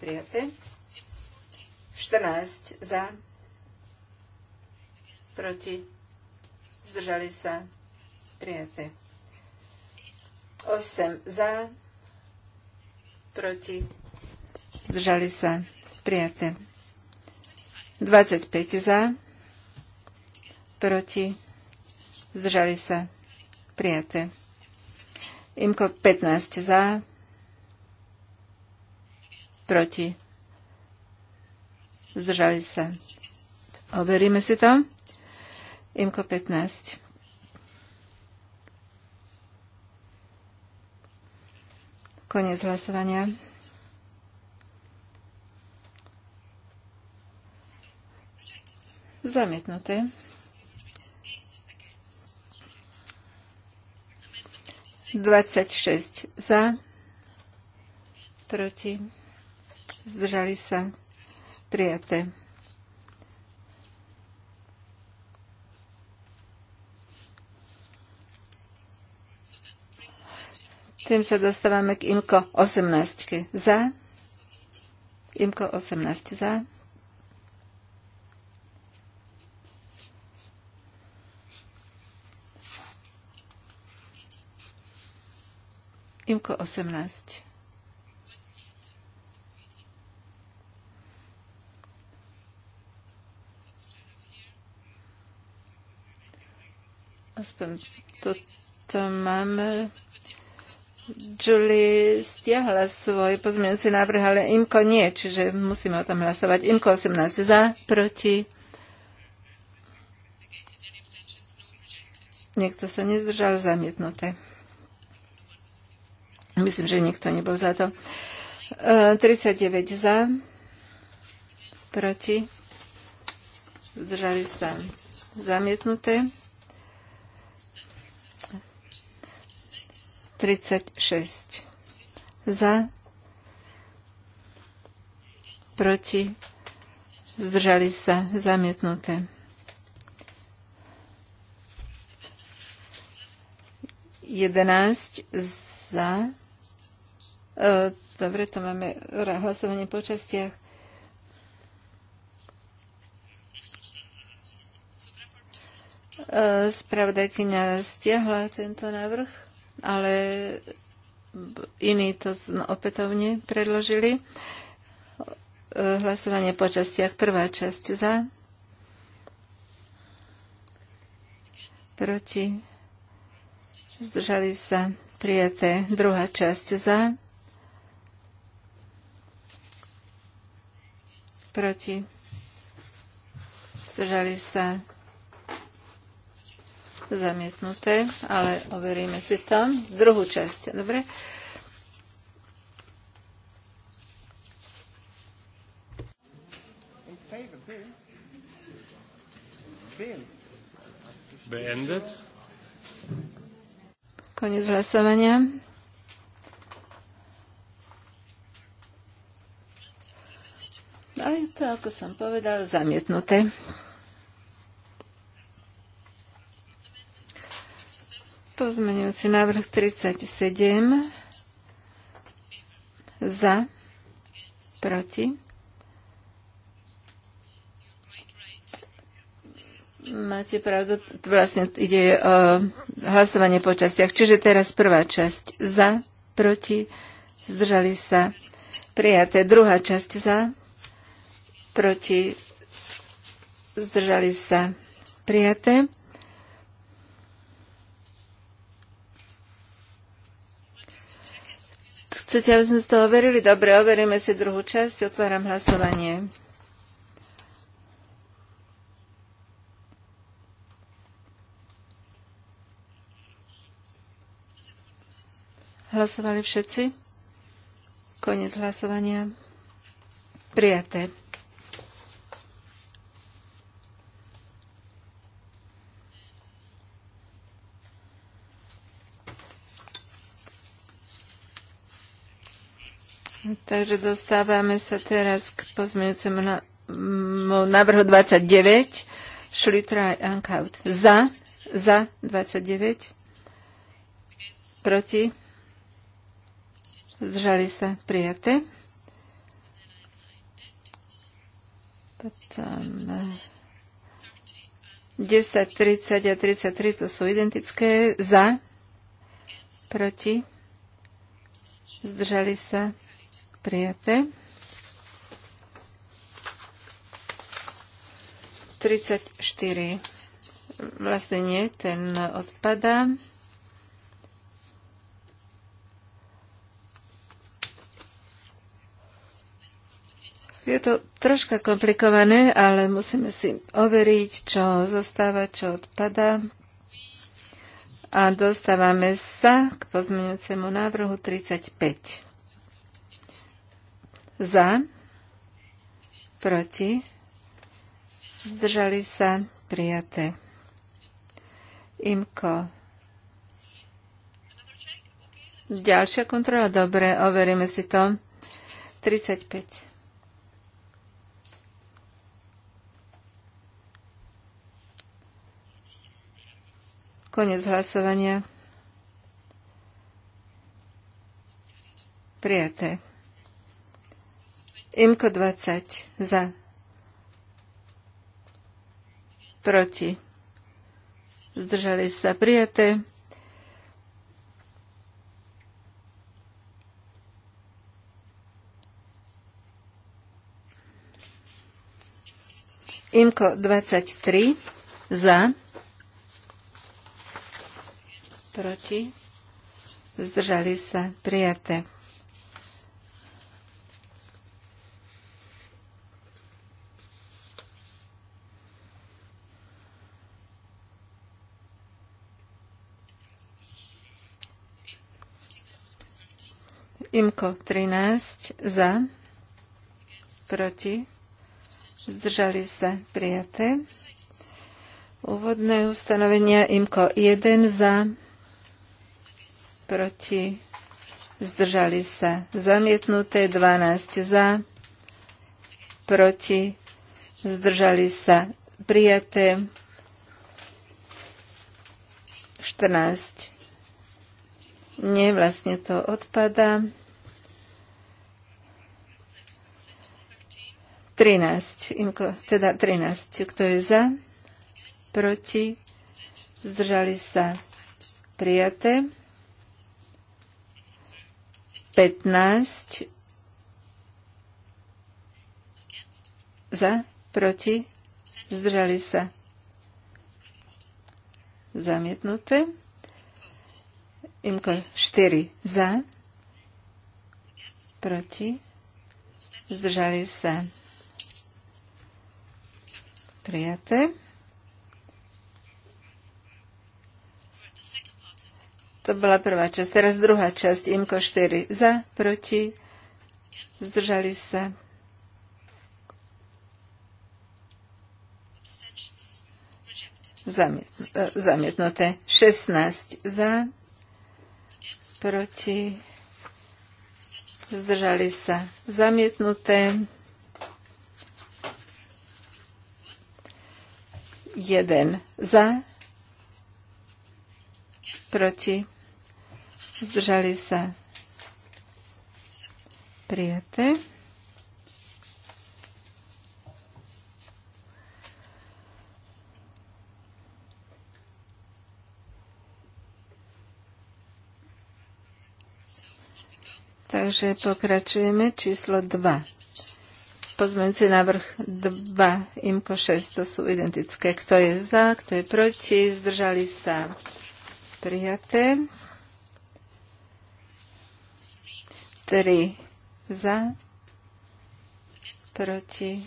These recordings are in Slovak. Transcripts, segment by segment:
prijaté. 14 za, proti, zdržali sa, prijaté. 8 za, proti, zdržali sa, prijaté. 25 za, proti, zdržali sa, prijaté. Imko 15 za, Proti. Zdržali sa. Overíme si to. Imko 15. Konec hlasovania. Zamietnuté. Dvadsať šesť za, proti zdržali sa prijaté. Tým sa dostávame k IMKO 18. Za. IMKO 18. Za. IMKO 18. aspoň to tam máme. Julie stiahla svoj pozmeňujúci návrh, ale Imko nie, čiže musíme o tom hlasovať. Imko 18 za, proti. Niekto sa nezdržal, zamietnuté. Myslím, že nikto nebol za to. 39 e, za, proti. Zdržali sa zamietnuté. 36 za, proti, zdržali sa, zamietnuté. Jedenáct za. E, dobre, to máme hlasovanie po častiach. E, Spravodajkynia stiahla tento návrh ale iní to opätovne predložili. Hlasovanie po častiach. Prvá časť za. Proti. Zdržali sa prijaté. Druhá časť za. Proti. Zdržali sa zamietnuté, ale overíme si to. Druhú časť, dobre? Beendet. Konec hlasovania. A no je to, ako som povedal, zamietnuté. Pozmeňujúci návrh 37 za, proti. Máte pravdu, vlastne ide o e, hlasovanie po častiach. Čiže teraz prvá časť za, proti, zdržali sa, prijaté. Druhá časť za, proti, zdržali sa, prijaté. Chcete, aby sme z toho verili? Dobre, overíme si druhú časť. Otváram hlasovanie. Hlasovali všetci? Konec hlasovania. Prijaté. Takže dostávame sa teraz k pozmeňujúcemu na, m, návrhu 29. Šlitra Ankaut. Za. Za 29. Proti. Zdržali sa prijaté. Potom 10, eh, 30 a 33 to sú identické. Za. Proti. Zdržali sa prijaté. 34. Vlastne nie, ten odpadá. Je to troška komplikované, ale musíme si overiť, čo zostáva, čo odpada. A dostávame sa k pozmeňujúcemu návrhu 35 za, proti, zdržali sa prijaté. Imko. Ďalšia kontrola, dobre, overíme si to. 35. Konec hlasovania. Prijaté. Imko 20 za. Proti. Zdržali sa prijaté. Imko 23 za. Proti. Zdržali sa prijaté. Imko 13 za, proti, zdržali sa prijaté. Úvodné ustanovenia Imko 1 za, proti, zdržali sa zamietnuté, 12 za, proti, zdržali sa prijaté, 14. Nie, vlastne to odpadá. 13, imko, teda 13. Kto je za? Proti? Zdržali sa prijaté. 15 za, proti, zdržali sa zamietnuté. Imko 4 za, proti, zdržali sa Prijaté. To bola prvá časť. Teraz druhá časť. Imko 4. Za, proti, zdržali sa. Zamiet, e, zamietnuté. 16 za, proti, zdržali sa. Zamietnuté. 1 za, proti, zdržali sa prijaté. Takže pokračujeme číslo 2. Pozmeňujúci návrh 2, IMKO 6, to sú identické. Kto je za, kto je proti, zdržali sa prijaté. 3 za, proti,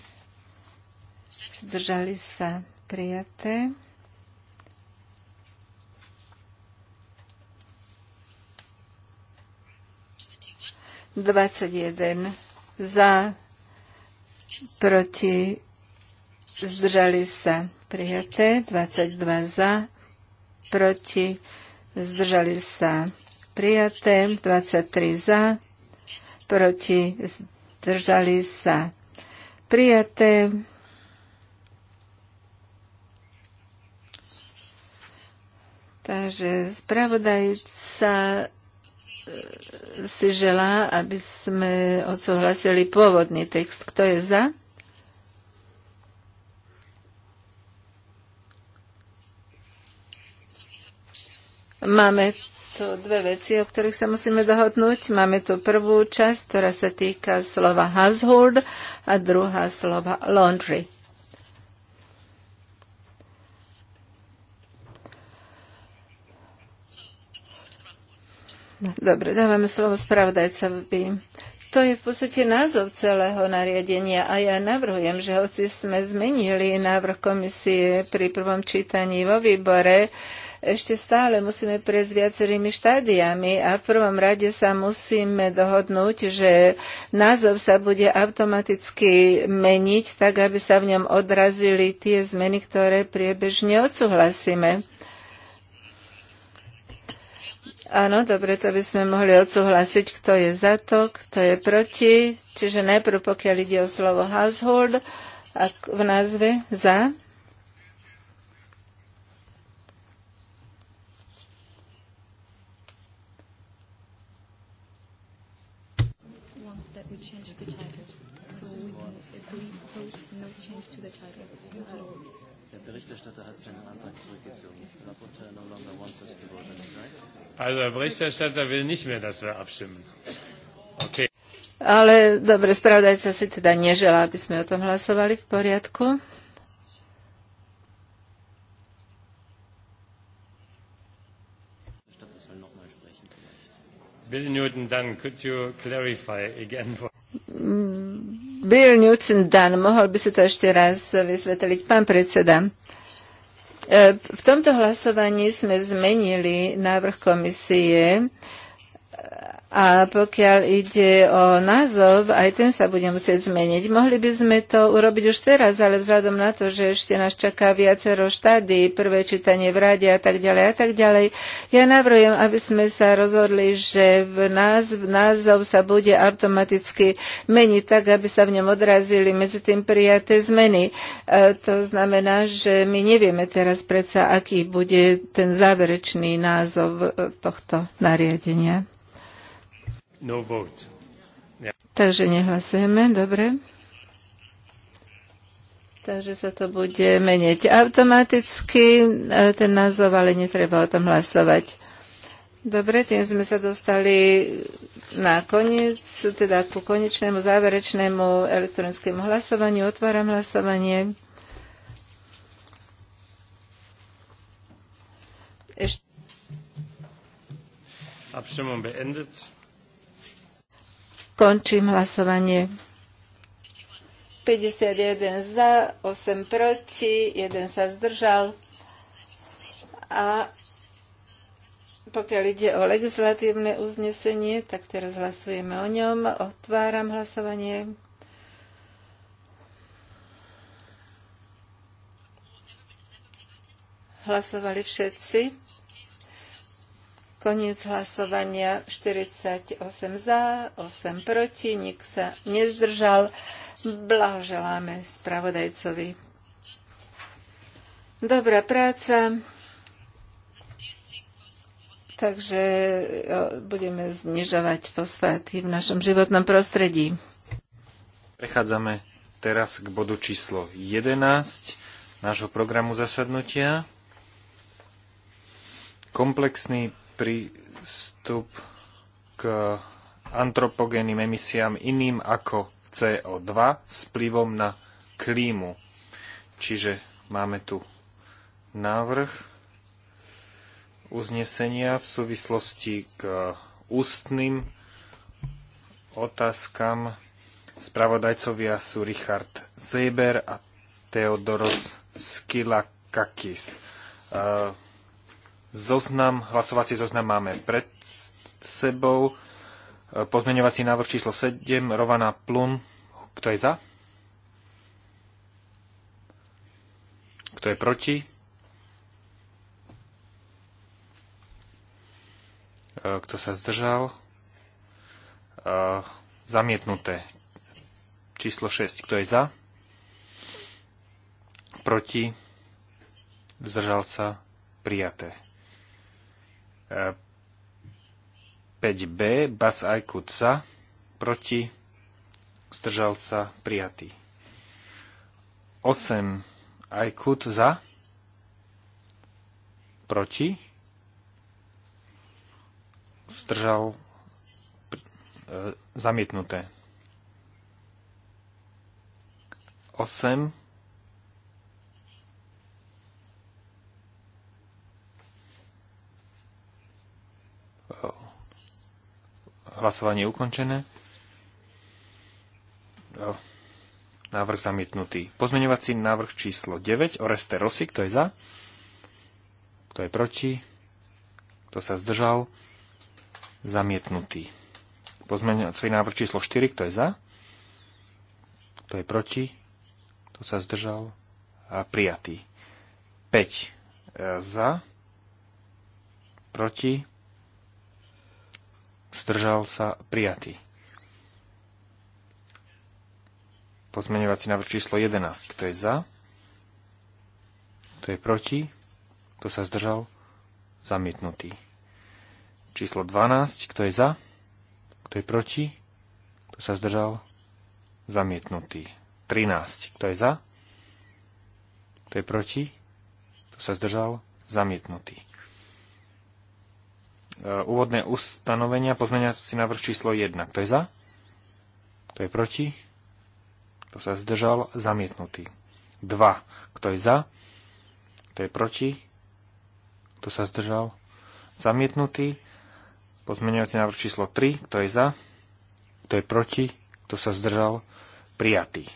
zdržali sa prijaté. Dvadsať jeden za, proti, zdržali sa prijaté, 22 za, proti, zdržali sa prijaté, 23 za, proti, zdržali sa prijaté. Takže spravodajca si želá, aby sme odsúhlasili pôvodný text. Kto je za? Máme tu dve veci, o ktorých sa musíme dohodnúť. Máme tu prvú časť, ktorá sa týka slova household a druhá slova laundry. Dobre, dávame slovo spravodajcovi. To je v podstate názov celého nariadenia a ja navrhujem, že hoci sme zmenili návrh komisie pri prvom čítaní vo výbore, ešte stále musíme prejsť viacerými štádiami a v prvom rade sa musíme dohodnúť, že názov sa bude automaticky meniť, tak aby sa v ňom odrazili tie zmeny, ktoré priebežne odsúhlasíme. Áno, dobre, to by sme mohli odsúhlasiť, kto je za to, kto je proti. Čiže najprv, pokiaľ ide o slovo household, a v názve za, Also der Berichterstatter will nicht mehr, dass wir abstimmen. Okay. Ale dobre, spravodajca si teda neželá, aby sme o tom hlasovali v poriadku. Bill Newton Dunn, could you clarify again? Mm, Bill Newton Dunn, mohol by si to ešte raz vysvetliť, pán predseda. E, v tomto hlasovaní sme zmenili návrh komisie a pokiaľ ide o názov, aj ten sa bude musieť zmeniť. Mohli by sme to urobiť už teraz, ale vzhľadom na to, že ešte nás čaká viacero štády, prvé čítanie v rade a tak ďalej a tak ďalej, ja navrhujem, aby sme sa rozhodli, že v názv, názov sa bude automaticky meniť tak, aby sa v ňom odrazili medzi tým prijaté zmeny. E, to znamená, že my nevieme teraz predsa, aký bude ten záverečný názov e, tohto nariadenia. No vote. Takže nehlasujeme, dobre. Takže sa to bude meniť automaticky, e, ten názov, ale netreba o tom hlasovať. Dobre, tým sme sa dostali na koniec, teda ku konečnému záverečnému elektronickému hlasovaniu. Otváram hlasovanie. Ešte. Abstimmung beendet. Končím hlasovanie. 51 za, 8 proti, 1 sa zdržal. A pokiaľ ide o legislatívne uznesenie, tak teraz hlasujeme o ňom. Otváram hlasovanie. Hlasovali všetci. Koniec hlasovania 48 za, 8 proti, nik sa nezdržal. Blahoželáme spravodajcovi. Dobrá práca. Takže budeme znižovať fosfáty v našom životnom prostredí. Prechádzame teraz k bodu číslo 11 nášho programu zasadnutia. Komplexný prístup k antropogénnym emisiám iným ako CO2 s vplyvom na klímu. Čiže máme tu návrh uznesenia v súvislosti k ústnym otázkam. Spravodajcovia sú Richard Zeber a Theodoros Skilakakis. Uh, zoznam, hlasovací zoznam máme pred sebou. E, pozmeňovací návrh číslo 7, Rovana Plum. Kto je za? Kto je proti? E, kto sa zdržal? E, zamietnuté. Číslo 6. Kto je za? Proti? Zdržal sa? Prijaté. 5b Bas Aykut za, proti, zdržal sa, prijatý. 8 Aykut za, proti, zdržal e, zamietnuté. 8 Hlasovanie je ukončené. Návrh zamietnutý. Pozmeňovací návrh číslo 9. Oreste Rossi. Kto je za? Kto je proti? Kto sa zdržal? Zamietnutý. Pozmeňovací návrh číslo 4. Kto je za? Kto je proti? Kto sa zdržal? A prijatý. 5. E, za. Proti zdržal sa, prijatý. Pozmeňovací návrh číslo 11. Kto je za? Kto je proti? Kto sa zdržal? Zamietnutý. Číslo 12. Kto je za? Kto je proti? Kto sa zdržal? Zamietnutý. 13. Kto je za? Kto je proti? Kto sa zdržal? Zamietnutý. E, úvodné ustanovenia, pozmeňovací návrh číslo 1. Kto je za? Kto je proti? Kto sa zdržal? Zamietnutý. 2. Kto je za? Kto je proti? Kto sa zdržal? Zamietnutý. Pozmeňovací návrh číslo 3. Kto je za? Kto je proti? Kto sa zdržal? Prijatý.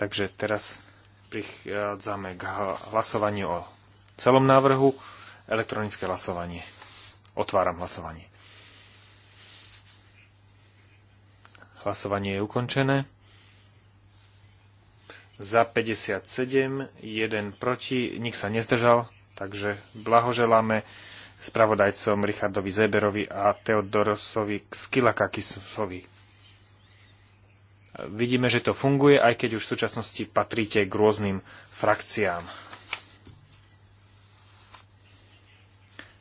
Takže teraz prichádzame k hlasovaniu o celom návrhu. Elektronické hlasovanie. Otváram hlasovanie. Hlasovanie je ukončené. Za 57, 1 proti, nik sa nezdržal, takže blahoželáme spravodajcom Richardovi Zeberovi a Teodorosovi Skilakakisovi. Vidíme, že to funguje, aj keď už v súčasnosti patríte k rôznym frakciám.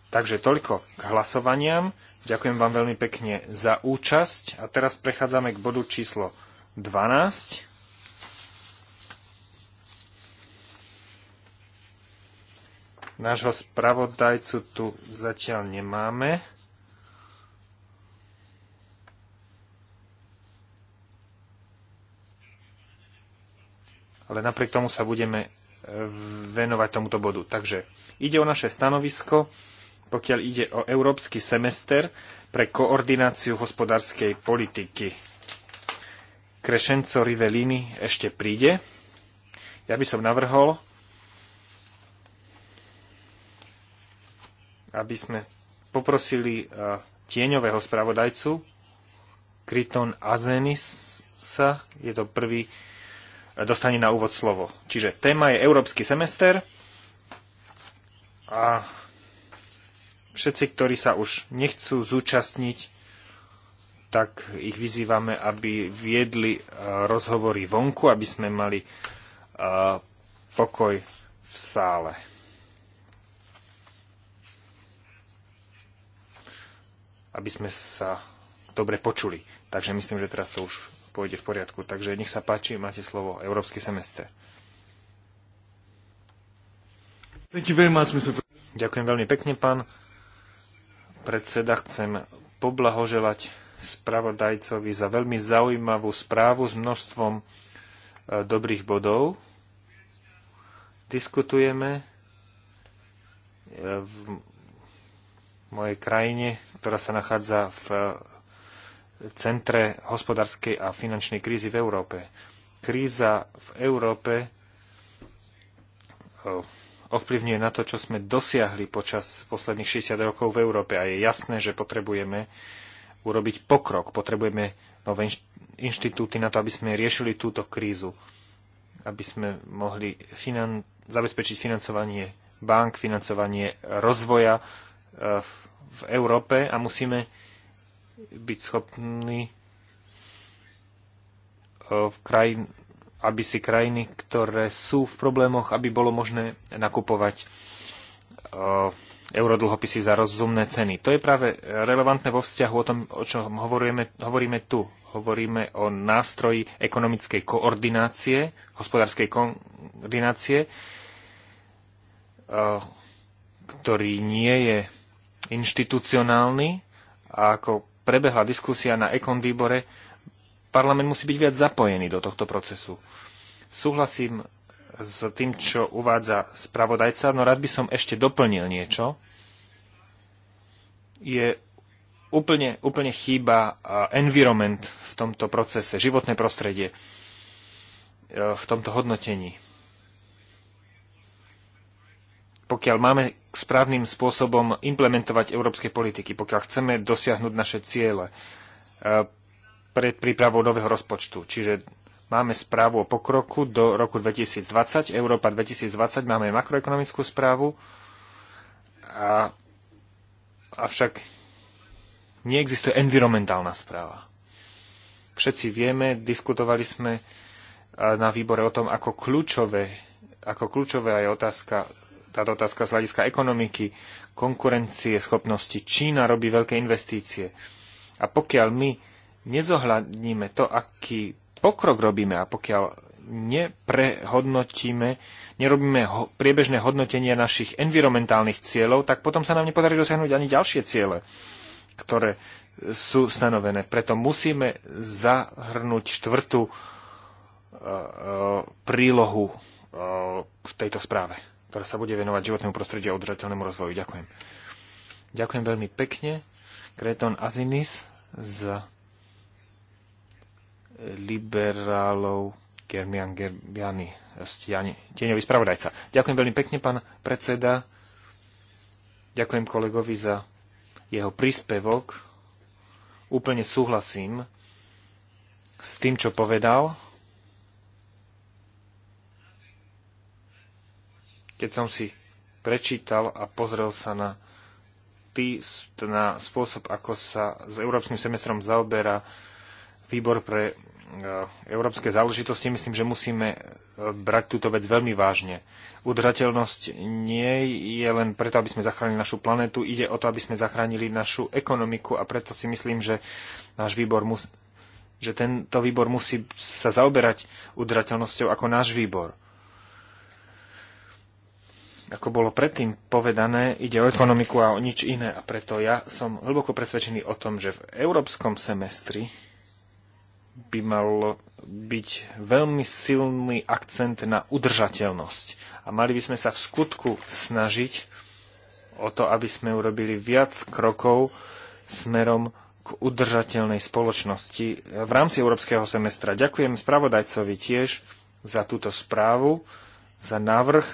Takže toľko k hlasovaniam. Ďakujem vám veľmi pekne za účasť. A teraz prechádzame k bodu číslo 12. Nášho spravodajcu tu zatiaľ nemáme. Ale napriek tomu sa budeme venovať tomuto bodu. Takže ide o naše stanovisko pokiaľ ide o európsky semester pre koordináciu hospodárskej politiky. Krešenco Rivellini ešte príde. Ja by som navrhol, aby sme poprosili e, tieňového spravodajcu Kryton Azenisa, je to prvý, e, dostane na úvod slovo. Čiže téma je Európsky semester a všetci, ktorí sa už nechcú zúčastniť, tak ich vyzývame, aby viedli e, rozhovory vonku, aby sme mali e, pokoj v sále. Aby sme sa dobre počuli. Takže myslím, že teraz to už pôjde v poriadku. Takže nech sa páči, máte slovo. Európsky semester. Ďakujem veľmi pekne, pán predseda, chcem poblahoželať spravodajcovi za veľmi zaujímavú správu s množstvom e, dobrých bodov. Diskutujeme e, v mojej krajine, ktorá sa nachádza v e, centre hospodárskej a finančnej krízy v Európe. Kríza v Európe ovplyvňuje na to, čo sme dosiahli počas posledných 60 rokov v Európe. A je jasné, že potrebujeme urobiť pokrok, potrebujeme nové inštitúty na to, aby sme riešili túto krízu, aby sme mohli finan- zabezpečiť financovanie bank, financovanie rozvoja e, v, v Európe a musíme byť schopní e, v krajinách aby si krajiny, ktoré sú v problémoch, aby bolo možné nakupovať eh, eurodlhopisy za rozumné ceny. To je práve relevantné vo vzťahu o tom, o čom hovoríme, hovoríme tu. Hovoríme o nástroji ekonomickej koordinácie, hospodárskej koordinácie, eh, ktorý nie je inštitucionálny a ako prebehla diskusia na ekon výbore, parlament musí byť viac zapojený do tohto procesu. Súhlasím s tým, čo uvádza spravodajca, no rád by som ešte doplnil niečo. Je úplne, úplne chýba environment v tomto procese, životné prostredie e, v tomto hodnotení. Pokiaľ máme správnym spôsobom implementovať európske politiky, pokiaľ chceme dosiahnuť naše ciele, e, pred prípravou nového rozpočtu. Čiže máme správu o pokroku do roku 2020, Európa 2020, máme makroekonomickú správu, a, avšak neexistuje environmentálna správa. Všetci vieme, diskutovali sme e, na výbore o tom, ako kľúčové, ako kľúčové je otázka, táto otázka z hľadiska ekonomiky, konkurencie, schopnosti. Čína robí veľké investície. A pokiaľ my nezohľadníme to, aký pokrok robíme a pokiaľ neprehodnotíme, nerobíme ho, priebežné hodnotenie našich environmentálnych cieľov, tak potom sa nám nepodarí dosiahnuť ani ďalšie ciele, ktoré sú stanovené. Preto musíme zahrnúť štvrtú e, e prílohu e, v tejto správe, ktorá sa bude venovať životnému prostrediu a udržateľnému rozvoju. Ďakujem. Ďakujem veľmi pekne. Kreton Azinis z liberálov Germian Germiani, tieňový spravodajca. Ďakujem veľmi pekne, pán predseda. Ďakujem kolegovi za jeho príspevok. Úplne súhlasím s tým, čo povedal. Keď som si prečítal a pozrel sa na, tý, na spôsob, ako sa s európskym semestrom zaoberá výbor pre e, európske záležitosti, myslím, že musíme e, brať túto vec veľmi vážne. Udržateľnosť nie je len preto, aby sme zachránili našu planetu, ide o to, aby sme zachránili našu ekonomiku a preto si myslím, že náš výbor mus- že tento výbor musí sa zaoberať udržateľnosťou ako náš výbor. Ako bolo predtým povedané, ide o ekonomiku a o nič iné a preto ja som hlboko presvedčený o tom, že v európskom semestri by mal byť veľmi silný akcent na udržateľnosť. A mali by sme sa v skutku snažiť o to, aby sme urobili viac krokov smerom k udržateľnej spoločnosti v rámci európskeho semestra. Ďakujem spravodajcovi tiež za túto správu, za návrh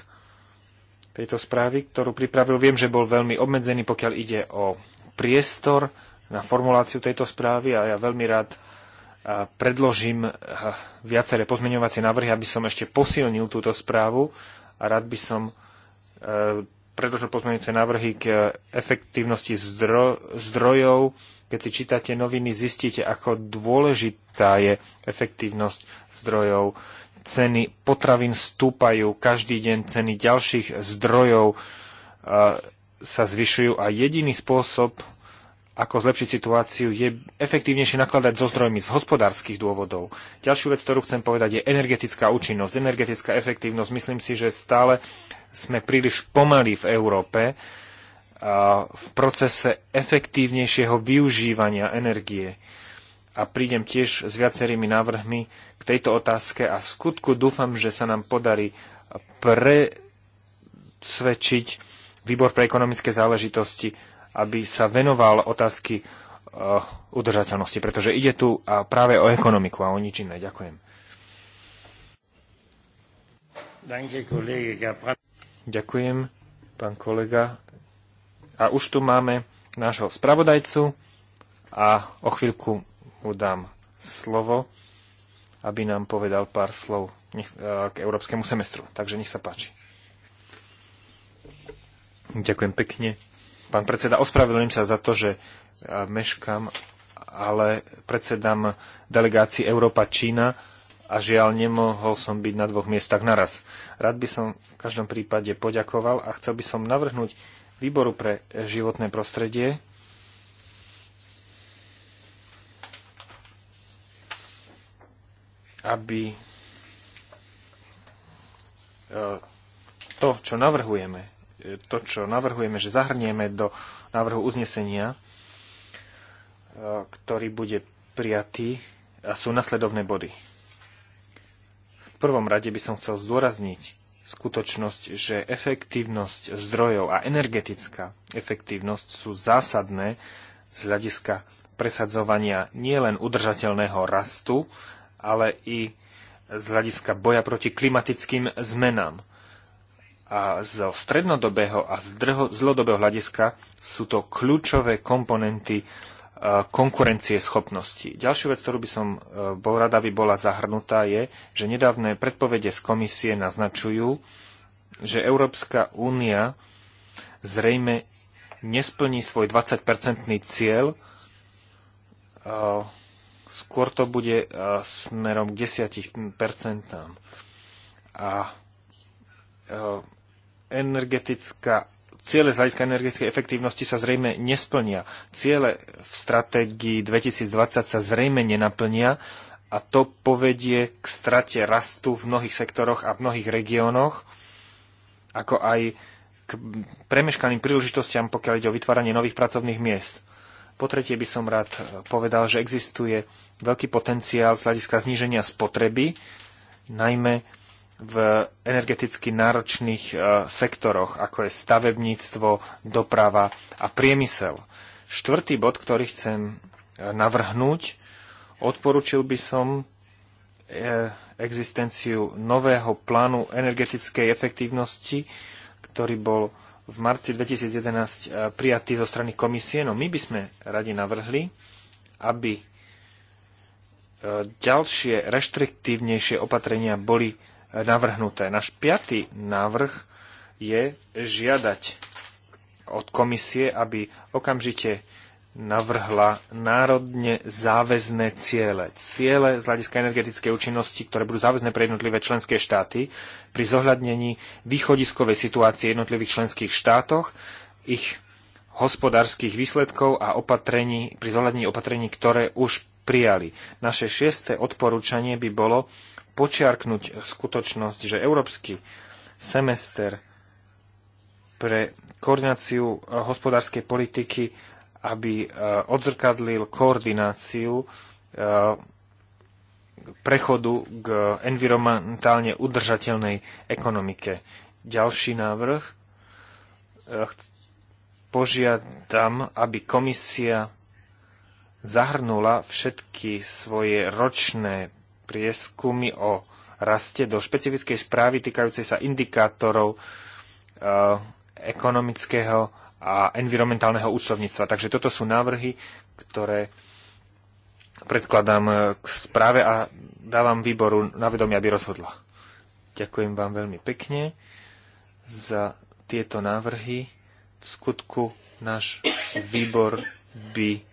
tejto správy, ktorú pripravil. Viem, že bol veľmi obmedzený, pokiaľ ide o priestor na formuláciu tejto správy a ja veľmi rád predložím eh, viaceré pozmeňovacie návrhy, aby som ešte posilnil túto správu a rád by som eh, predložil pozmeňujúce návrhy k efektívnosti zdro, zdrojov. Keď si čítate noviny, zistíte, ako dôležitá je efektívnosť zdrojov. Ceny potravín stúpajú každý deň, ceny ďalších zdrojov eh, sa zvyšujú a jediný spôsob, ako zlepšiť situáciu, je efektívnejšie nakladať so zdrojmi z hospodárskych dôvodov. Ďalšiu vec, ktorú chcem povedať, je energetická účinnosť, energetická efektívnosť. Myslím si, že stále sme príliš pomalí v Európe v procese efektívnejšieho využívania energie. A prídem tiež s viacerými návrhmi k tejto otázke a v skutku dúfam, že sa nám podarí presvedčiť výbor pre ekonomické záležitosti aby sa venoval otázky eh, udržateľnosti, pretože ide tu eh, práve o ekonomiku a o nič iné. Ďakujem. Ďakujem, pán kolega. A už tu máme nášho spravodajcu a o chvíľku mu dám slovo, aby nám povedal pár slov eh, k európskemu semestru. Takže nech sa páči. Ďakujem pekne. Pán predseda, ospravedlňujem sa za to, že e, meškam, ale predsedám delegácii Európa-Čína a žiaľ nemohol som byť na dvoch miestach naraz. Rád by som v každom prípade poďakoval a chcel by som navrhnúť výboru pre životné prostredie, aby e, to, čo navrhujeme, to, čo navrhujeme, že zahrnieme do návrhu uznesenia, e, ktorý bude prijatý a sú nasledovné body. V prvom rade by som chcel zdôrazniť skutočnosť, že efektívnosť zdrojov a energetická efektívnosť sú zásadné z hľadiska presadzovania nielen udržateľného rastu, ale i z hľadiska boja proti klimatickým zmenám a zo strednodobého a zlodobého hľadiska sú to kľúčové komponenty e, konkurencie schopnosti. Ďalšiu vec, ktorú by som e, bol rada, aby bola zahrnutá, je, že nedávne predpovede z komisie naznačujú, že Európska únia zrejme nesplní svoj 20-percentný cieľ, e, skôr to bude smerom k 10%. A energetická Ciele z hľadiska energetickej efektívnosti sa zrejme nesplnia. Ciele v stratégii 2020 sa zrejme nenaplnia a to povedie k strate rastu v mnohých sektoroch a v mnohých regiónoch, ako aj k premeškaným príležitostiam, pokiaľ ide o vytváranie nových pracovných miest. Po tretie by som rád povedal, že existuje veľký potenciál z hľadiska zníženia spotreby, najmä v energeticky náročných e, sektoroch, ako je stavebníctvo, doprava a priemysel. Štvrtý bod, ktorý chcem e, navrhnúť, odporučil by som e, existenciu nového plánu energetickej efektívnosti, ktorý bol v marci 2011 prijatý zo strany komisie. No my by sme radi navrhli, aby ďalšie reštriktívnejšie opatrenia boli navrhnuté. Náš piatý návrh je žiadať od komisie, aby okamžite navrhla národne záväzné ciele. Ciele z hľadiska energetickej účinnosti, ktoré budú záväzné pre jednotlivé členské štáty pri zohľadnení východiskovej situácie jednotlivých členských štátoch, ich hospodárskych výsledkov a opatrení, pri zohľadnení opatrení, ktoré už prijali. Naše šiesté odporúčanie by bolo počiarknúť skutočnosť, že európsky semester pre koordináciu eh, hospodárskej politiky, aby eh, odzrkadlil koordináciu eh, prechodu k environmentálne udržateľnej ekonomike. Ďalší návrh. Požiadam, aby komisia zahrnula všetky svoje ročné prieskumy o raste do špecifickej správy týkajúcej sa indikátorov e, ekonomického a environmentálneho účtovníctva. Takže toto sú návrhy, ktoré predkladám e, k správe a dávam výboru na vedomie, aby rozhodla. Ďakujem vám veľmi pekne za tieto návrhy. V skutku náš výbor by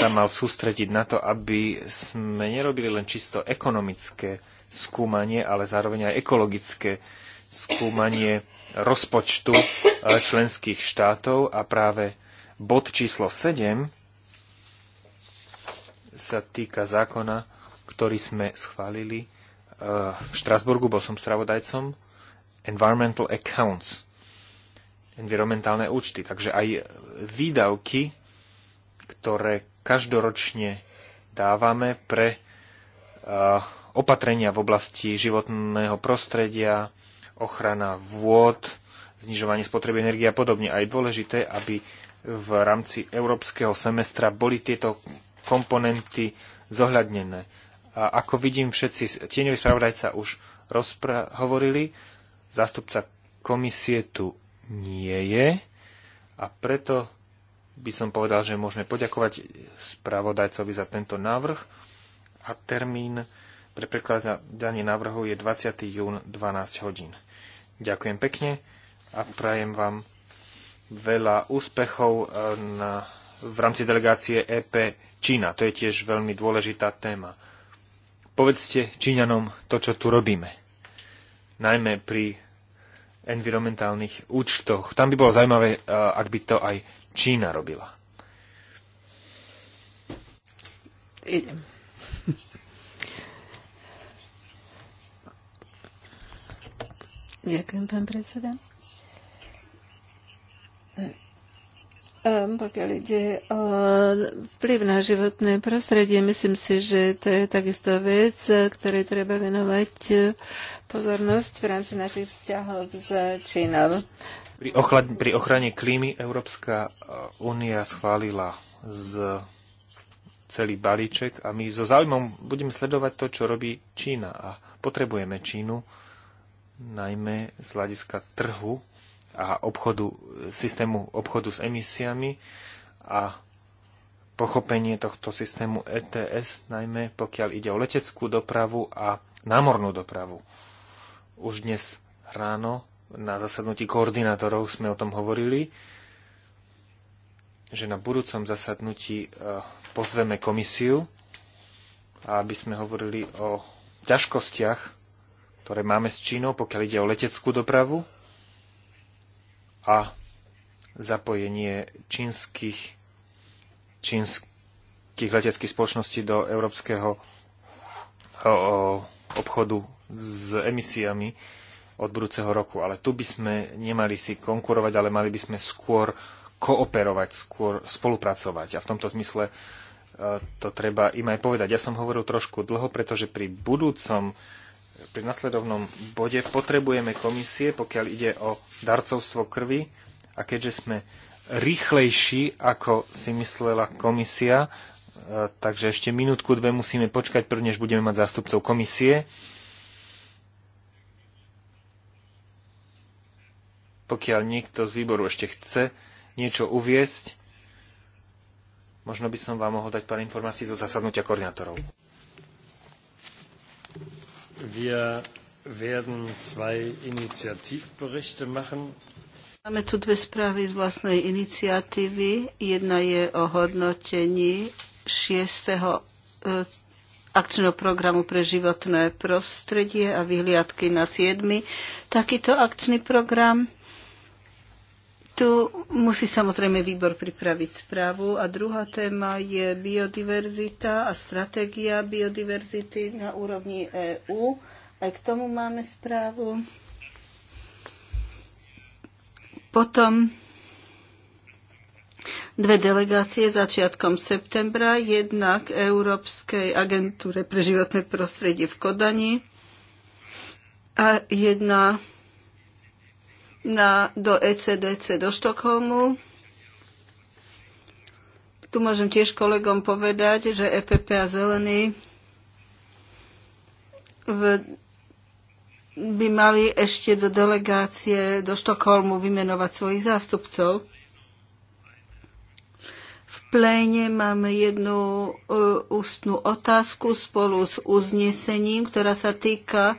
sa mal sústrediť na to, aby sme nerobili len čisto ekonomické skúmanie, ale zároveň aj ekologické skúmanie rozpočtu eh, členských štátov a práve bod číslo 7 sa týka zákona, ktorý sme schválili eh, v Štrasburgu, bol som spravodajcom, Environmental Accounts, environmentálne účty. Takže aj výdavky, ktoré každoročne dávame pre eh, opatrenia v oblasti životného prostredia, ochrana vôd, znižovanie spotreby energie a podobne. A je dôležité, aby v rámci európskeho semestra boli tieto komponenty zohľadnené. A ako vidím, všetci tieňoví spravodajca už rozpra- hovorili, zástupca komisie tu nie je a preto by som povedal, že môžeme poďakovať spravodajcovi za tento návrh a termín pre prekladanie návrhu je 20. jún 12 hodín. Ďakujem pekne a prajem vám veľa úspechov eh, na, v rámci delegácie EP Čína. To je tiež veľmi dôležitá téma. Povedzte Číňanom to, čo tu robíme. Najmä pri environmentálnych účtoch. Tam by bolo zaujímavé, eh, ak by to aj Čína robila. Idem. Ďakujem, pán predseda. Ehm, pokiaľ ide o vplyv na životné prostredie, myslím si, že to je takisto vec, ktorej treba venovať pozornosť v rámci našich vzťahov s Čínou. Pri, ochla- pri ochrane klímy Európska uh, únia schválila z celý balíček a my so záujmom budeme sledovať to, čo robí Čína a potrebujeme Čínu najmä z hľadiska trhu a obchodu, systému obchodu s emisiami a pochopenie tohto systému ETS, najmä pokiaľ ide o leteckú dopravu a námornú dopravu. Už dnes ráno na zasadnutí koordinátorov sme o tom hovorili, že na budúcom zasadnutí e, pozveme komisiu, aby sme hovorili o ťažkostiach, ktoré máme s Čínou, pokiaľ ide o leteckú dopravu a zapojenie čínskych, čínskych leteckých spoločností do európskeho o, o, obchodu s emisiami od budúceho roku. Ale tu by sme nemali si konkurovať, ale mali by sme skôr kooperovať, skôr spolupracovať. A v tomto zmysle e, to treba im aj povedať. Ja som hovoril trošku dlho, pretože pri budúcom, pri nasledovnom bode potrebujeme komisie, pokiaľ ide o darcovstvo krvi a keďže sme rýchlejší, ako si myslela komisia, e, takže ešte minútku, dve musíme počkať, prvnež budeme mať zástupcov komisie. Pokiaľ niekto z výboru ešte chce niečo uviesť, možno by som vám mohol dať pár informácií zo zasadnutia koordinátorov. Wir werden zwei Initiativberichte machen. Máme tu dve správy z vlastnej iniciatívy. Jedna je o hodnotení 6. E, akčného programu pre životné prostredie a vyhliadky na 7. Takýto akčný program tu musí samozrejme výbor pripraviť správu. A druhá téma je biodiverzita a stratégia biodiverzity na úrovni EÚ. Aj k tomu máme správu. Potom dve delegácie začiatkom septembra, jedna k Európskej agentúre pre životné prostredie v Kodani a jedna na, do ECDC do Štokholmu. Tu môžem tiež kolegom povedať, že EPP a Zelený v, by mali ešte do delegácie do Štokholmu vymenovať svojich zástupcov. V pléne máme jednu uh, ústnu otázku spolu s uznesením, ktorá sa týka uh,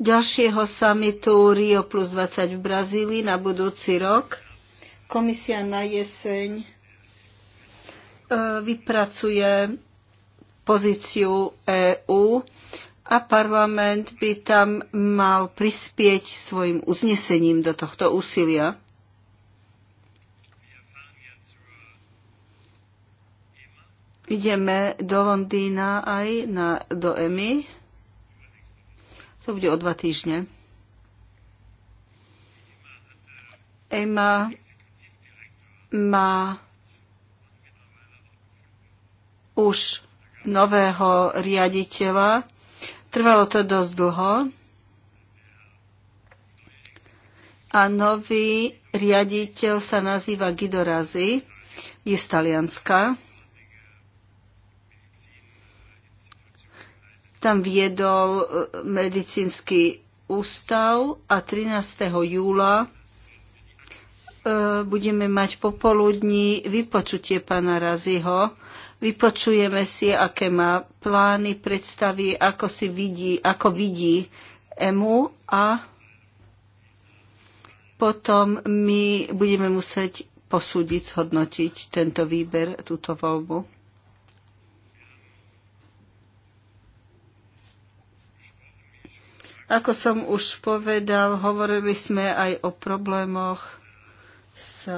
ďalšieho samitu Rio plus 20 v Brazílii na budúci rok. Komisia na jeseň e, vypracuje pozíciu EÚ a parlament by tam mal prispieť svojim uznesením do tohto úsilia. Ideme do Londýna aj na, do EMI. To bude o dva týždne. EMA má už nového riaditeľa. Trvalo to dosť dlho. A nový riaditeľ sa nazýva Gidorazi, je z Talianska. tam viedol e, medicínsky ústav a 13. júla e, budeme mať popoludní vypočutie pána Raziho. Vypočujeme si, aké má plány, predstavy, ako si vidí, ako vidí EMU a potom my budeme musieť posúdiť, zhodnotiť tento výber, túto voľbu. Ako som už povedal, hovorili sme aj o problémoch s,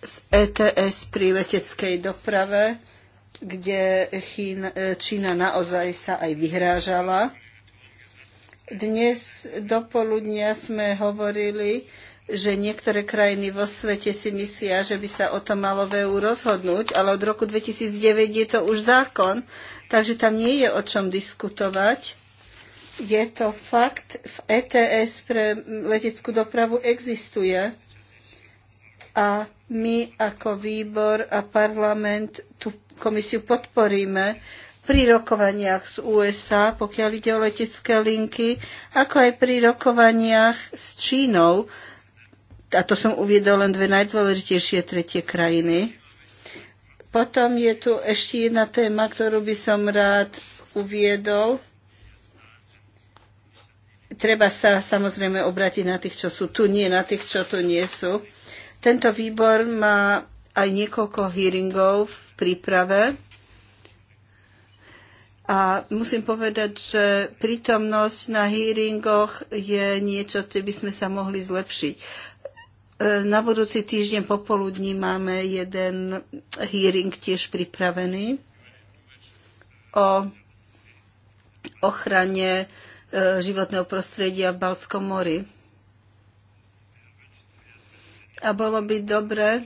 s ETS pri leteckej doprave, kde Čína, Čína naozaj sa aj vyhrážala. Dnes do poludnia sme hovorili že niektoré krajiny vo svete si myslia, že by sa o to malo v EU rozhodnúť, ale od roku 2009 je to už zákon, takže tam nie je o čom diskutovať. Je to fakt, v ETS pre leteckú dopravu existuje a my ako výbor a parlament tú komisiu podporíme pri rokovaniach z USA, pokiaľ ide o letecké linky, ako aj pri rokovaniach s Čínou, a to som uviedol len dve najdôležitejšie tretie krajiny. Potom je tu ešte jedna téma, ktorú by som rád uviedol. Treba sa samozrejme obrátiť na tých, čo sú tu, nie na tých, čo tu nie sú. Tento výbor má aj niekoľko hearingov v príprave. A musím povedať, že prítomnosť na hearingoch je niečo, čo by sme sa mohli zlepšiť. E, na budúci týždeň popoludní máme jeden hearing tiež pripravený o ochrane e, životného prostredia v Balckom mori. A bolo by dobre,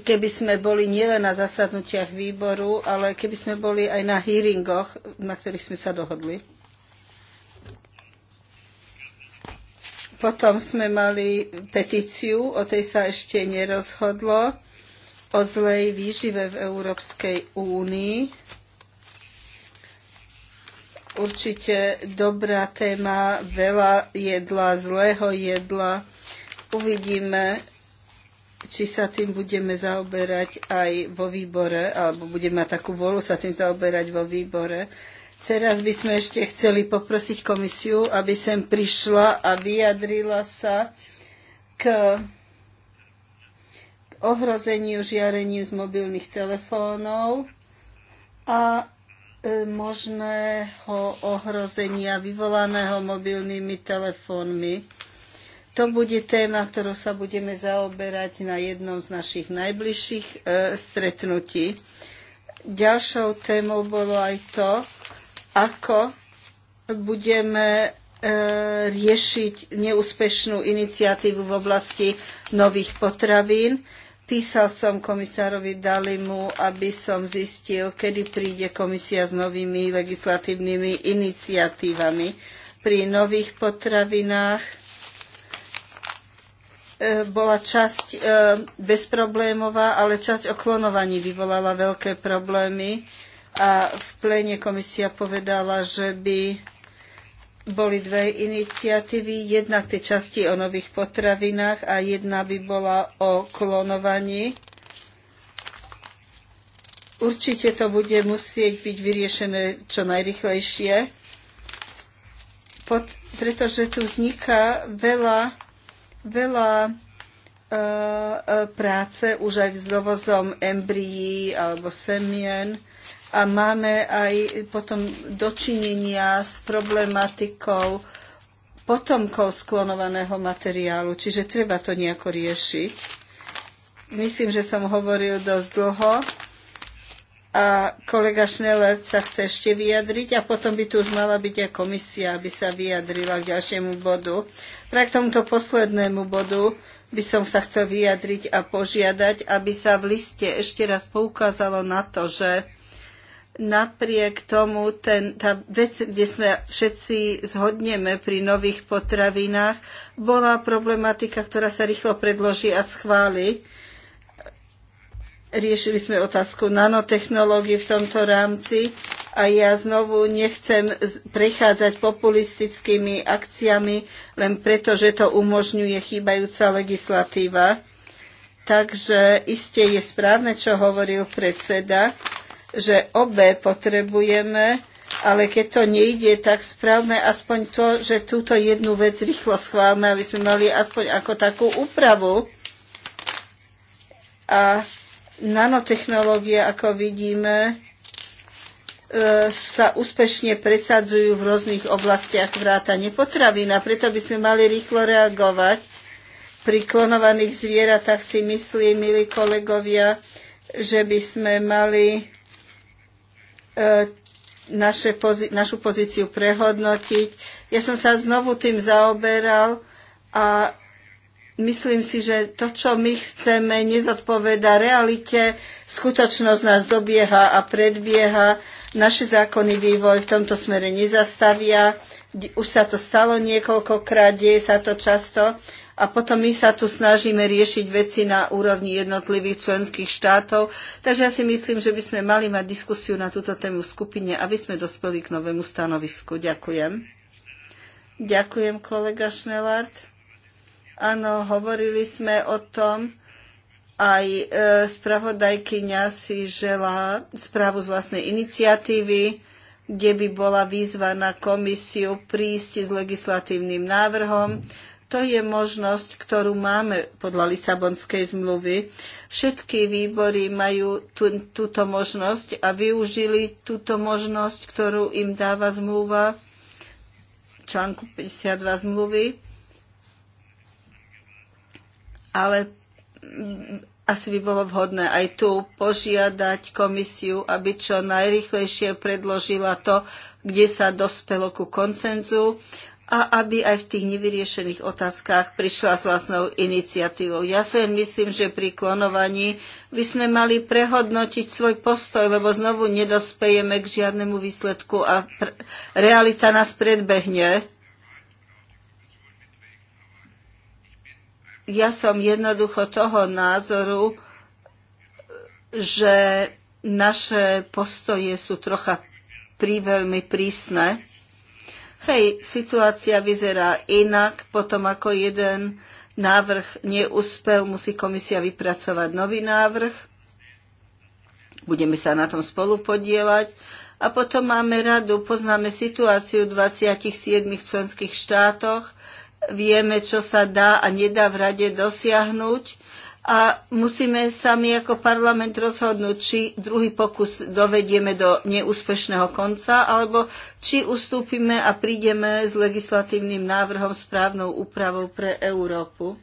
keby sme boli nielen na zasadnutiach výboru, ale keby sme boli aj na hearingoch, na ktorých sme sa dohodli. Potom sme mali petíciu, o tej sa ešte nerozhodlo, o zlej výžive v Európskej únii. Určite dobrá téma, veľa jedla, zlého jedla. Uvidíme, či sa tým budeme zaoberať aj vo výbore, alebo budeme mať takú volu sa tým zaoberať vo výbore. Teraz by sme ešte chceli poprosiť komisiu, aby sem prišla a vyjadrila sa k ohrozeniu žiareniu z mobilných telefónov a e, možného ohrozenia vyvolaného mobilnými telefónmi. To bude téma, ktorou sa budeme zaoberať na jednom z našich najbližších e, stretnutí. Ďalšou témou bolo aj to, ako budeme e, riešiť neúspešnú iniciatívu v oblasti nových potravín. Písal som komisárovi Dalimu, aby som zistil, kedy príde komisia s novými legislatívnymi iniciatívami. Pri nových potravinách e, bola časť e, bezproblémová, ale časť o klonovaní vyvolala veľké problémy a v plene komisia povedala, že by boli dve iniciatívy. Jedna k tej časti o nových potravinách a jedna by bola o klonovaní. Určite to bude musieť byť vyriešené čo najrychlejšie, pod, pretože tu vzniká veľa, veľa e, e, práce už aj s dovozom embrií alebo semien a máme aj potom dočinenia s problematikou potomkov sklonovaného materiálu, čiže treba to nejako riešiť. Myslím, že som hovoril dosť dlho a kolega Šneller sa chce ešte vyjadriť a potom by tu už mala byť aj komisia, aby sa vyjadrila k ďalšiemu bodu. Pre k tomuto poslednému bodu by som sa chcel vyjadriť a požiadať, aby sa v liste ešte raz poukázalo na to, že napriek tomu ten, tá vec, kde sme všetci zhodneme pri nových potravinách, bola problematika, ktorá sa rýchlo predloží a schváli. Riešili sme otázku nanotechnológií v tomto rámci a ja znovu nechcem prechádzať populistickými akciami len preto, že to umožňuje chýbajúca legislatíva. Takže iste je správne, čo hovoril predseda, že obe potrebujeme, ale keď to nejde, tak správne aspoň to, že túto jednu vec rýchlo schválme, aby sme mali aspoň ako takú úpravu. A nanotechnológie, ako vidíme, e, sa úspešne presadzujú v rôznych oblastiach vrátane potravín a preto by sme mali rýchlo reagovať. Pri klonovaných zvieratách si myslím, milí kolegovia, že by sme mali E, naše pozí- našu pozíciu prehodnotiť. Ja som sa znovu tým zaoberal a myslím si, že to, čo my chceme, nezodpoveda realite. Skutočnosť nás dobieha a predbieha. Naše zákony vývoj v tomto smere nezastavia. Už sa to stalo niekoľkokrát, deje sa to často a potom my sa tu snažíme riešiť veci na úrovni jednotlivých členských štátov. Takže ja si myslím, že by sme mali mať diskusiu na túto tému v skupine, aby sme dospeli k novému stanovisku. Ďakujem. Ďakujem, kolega Schnellard. Áno, hovorili sme o tom, aj e, spravodajkyňa si žela správu z vlastnej iniciatívy, kde by bola výzva na komisiu prísť s legislatívnym návrhom. To je možnosť, ktorú máme podľa Lisabonskej zmluvy. Všetky výbory majú tú, túto možnosť a využili túto možnosť, ktorú im dáva zmluva článku 52 zmluvy. Ale mm, asi by bolo vhodné aj tu požiadať komisiu, aby čo najrychlejšie predložila to, kde sa dospelo ku koncenzu a aby aj v tých nevyriešených otázkach prišla s vlastnou iniciatívou. Ja si myslím, že pri klonovaní by sme mali prehodnotiť svoj postoj, lebo znovu nedospejeme k žiadnemu výsledku a realita nás predbehne. Ja som jednoducho toho názoru, že naše postoje sú trocha príveľmi prísne hej, situácia vyzerá inak, potom ako jeden návrh neúspel, musí komisia vypracovať nový návrh. Budeme sa na tom spolu podielať. A potom máme radu, poznáme situáciu v 27 členských štátoch, vieme, čo sa dá a nedá v rade dosiahnuť a musíme sami ako parlament rozhodnúť, či druhý pokus dovedieme do neúspešného konca, alebo či ustúpime a prídeme s legislatívnym návrhom správnou úpravou pre Európu.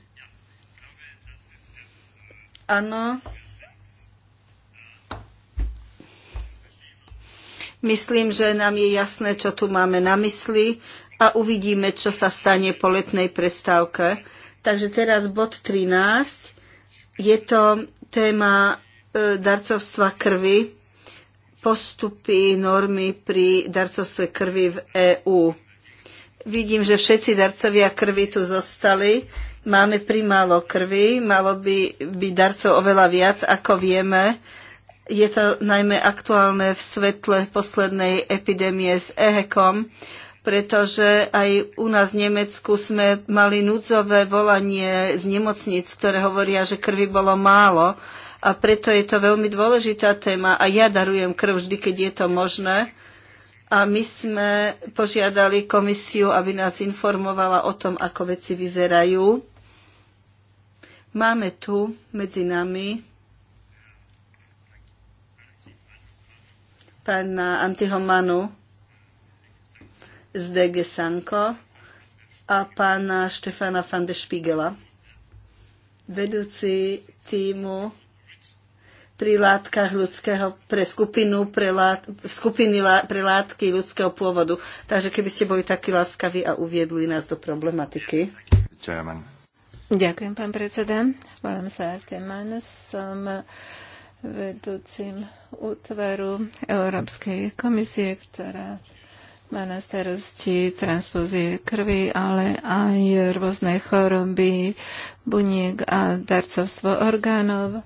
Áno. Myslím, že nám je jasné, čo tu máme na mysli a uvidíme, čo sa stane po letnej prestávke. Takže teraz bod 13 je to téma e, darcovstva krvi, postupy, normy pri darcovstve krvi v EÚ. Vidím, že všetci darcovia krvi tu zostali. Máme primálo krvi, malo by byť darcov oveľa viac, ako vieme. Je to najmä aktuálne v svetle poslednej epidémie s EHECom, pretože aj u nás v Nemecku sme mali núdzové volanie z nemocnic, ktoré hovoria, že krvi bolo málo a preto je to veľmi dôležitá téma a ja darujem krv vždy, keď je to možné. A my sme požiadali komisiu, aby nás informovala o tom, ako veci vyzerajú. Máme tu medzi nami pána Antihomanu, z DG Sanko a pána Štefana van de Špigela, vedúci týmu pri látkach ľudského, pre skupinu, pre lát, skupiny lá, pre látky ľudského pôvodu. Takže keby ste boli takí láskaví a uviedli nás do problematiky. Chairman. Ďakujem, pán predseda. Volám sa Arteman, som vedúcim útvaru Európskej komisie, ktorá má na starosti transfúzie krvi, ale aj rôzne choroby buniek a darcovstvo orgánov.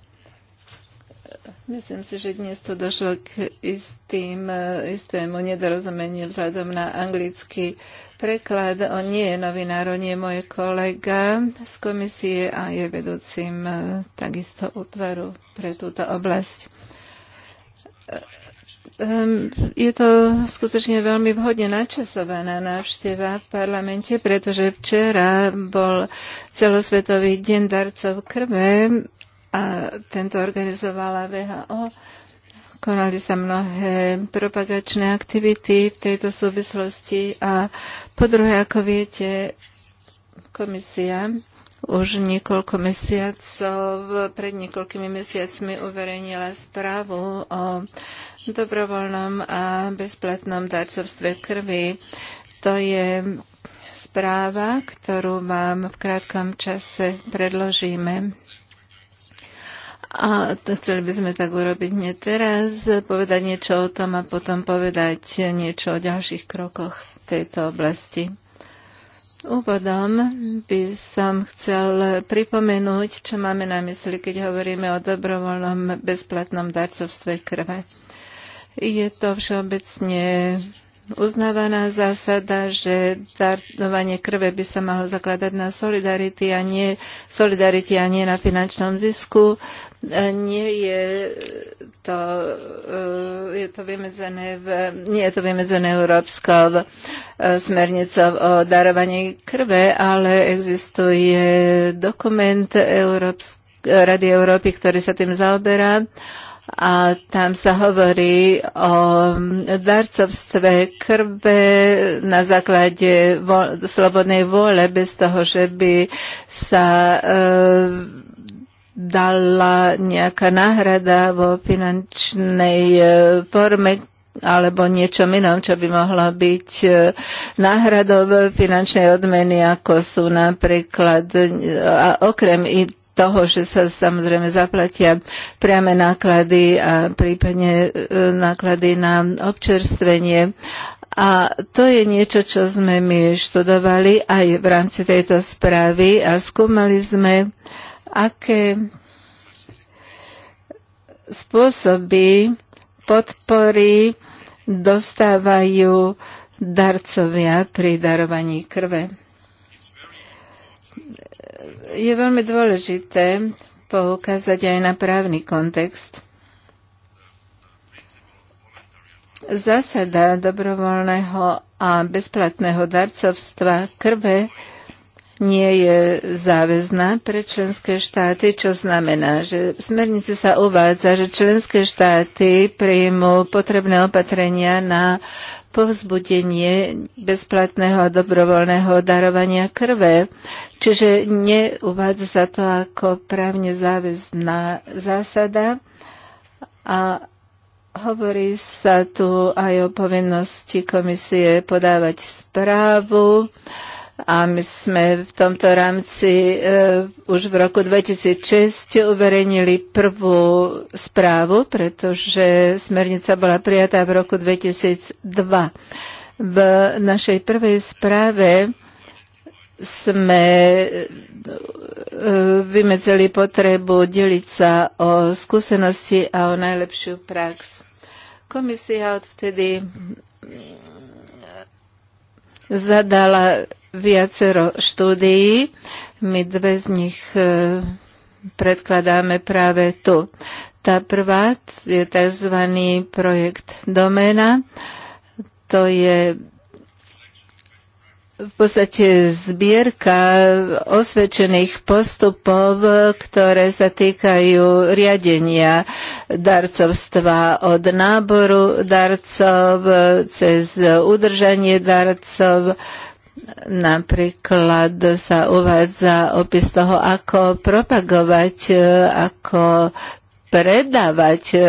Myslím si, že dnes to došlo k istým, istému nedorozumeniu vzhľadom na anglický preklad. On nie je novinár, on je môj kolega z komisie a je vedúcim eh, takisto útvaru pre túto oblasť Ehm, je to skutočne veľmi vhodne načasovaná návšteva v parlamente, pretože včera bol celosvetový deň darcov krve a tento organizovala VHO. Konali sa mnohé propagačné aktivity v tejto súvislosti a po druhé, ako viete, komisia už niekoľko mesiacov, pred niekoľkými mesiacmi uverejnila správu o dobrovoľnom a bezplatnom darcovstve krvi. To je správa, ktorú vám v krátkom čase predložíme. A to chceli by sme tak urobiť nie teraz, povedať niečo o tom a potom povedať niečo o ďalších krokoch v tejto oblasti. Úvodom by som chcel pripomenúť, čo máme na mysli, keď hovoríme o dobrovoľnom bezplatnom darcovstve krve. Je to všeobecne uznávaná zásada, že darovanie krve by sa malo zakladať na solidarity a nie, solidarity a nie na finančnom zisku. E, nie je to, e, je to vymedzené, v, nie je to vymedzené Európskou e, smernicou o darovaní krve, ale existuje dokument Európsk, Rady Európy, ktorý sa tým zaoberá a tam sa hovorí o darcovstve krve na základe vo, slobodnej vôle, bez toho, že by sa e, dala nejaká náhrada vo finančnej e, forme, alebo niečom inom, čo by mohlo byť e, náhradou finančnej odmeny, ako sú napríklad, e, a okrem toho, že sa samozrejme zaplatia priame náklady a prípadne e, náklady na občerstvenie. A to je niečo, čo sme my študovali aj v rámci tejto správy a skúmali sme, aké spôsoby podpory dostávajú darcovia pri darovaní krve je veľmi dôležité poukázať aj na právny kontext. Zásada dobrovoľného a bezplatného darcovstva krve nie je záväzná pre členské štáty, čo znamená, že v smernici sa uvádza, že členské štáty príjmú potrebné opatrenia na povzbudenie bezplatného a dobrovoľného darovania krve, čiže neuvádza sa to ako právne záväzná zásada a hovorí sa tu aj o povinnosti komisie podávať správu, a my sme v tomto rámci e, už v roku 2006 uverejnili prvú správu, pretože smernica bola prijatá v roku 2002. V našej prvej správe sme e, vymedzili potrebu deliť sa o skúsenosti a o najlepšiu prax. Komisia odvtedy zadala viacero štúdií. My dve z nich e, predkladáme práve tu. Tá prvá je tzv. projekt Domena. To je v podstate zbierka osvedčených postupov, ktoré sa týkajú riadenia darcovstva od náboru darcov cez udržanie darcov Napríklad sa uvádza opis toho, ako propagovať, e, ako predávať e,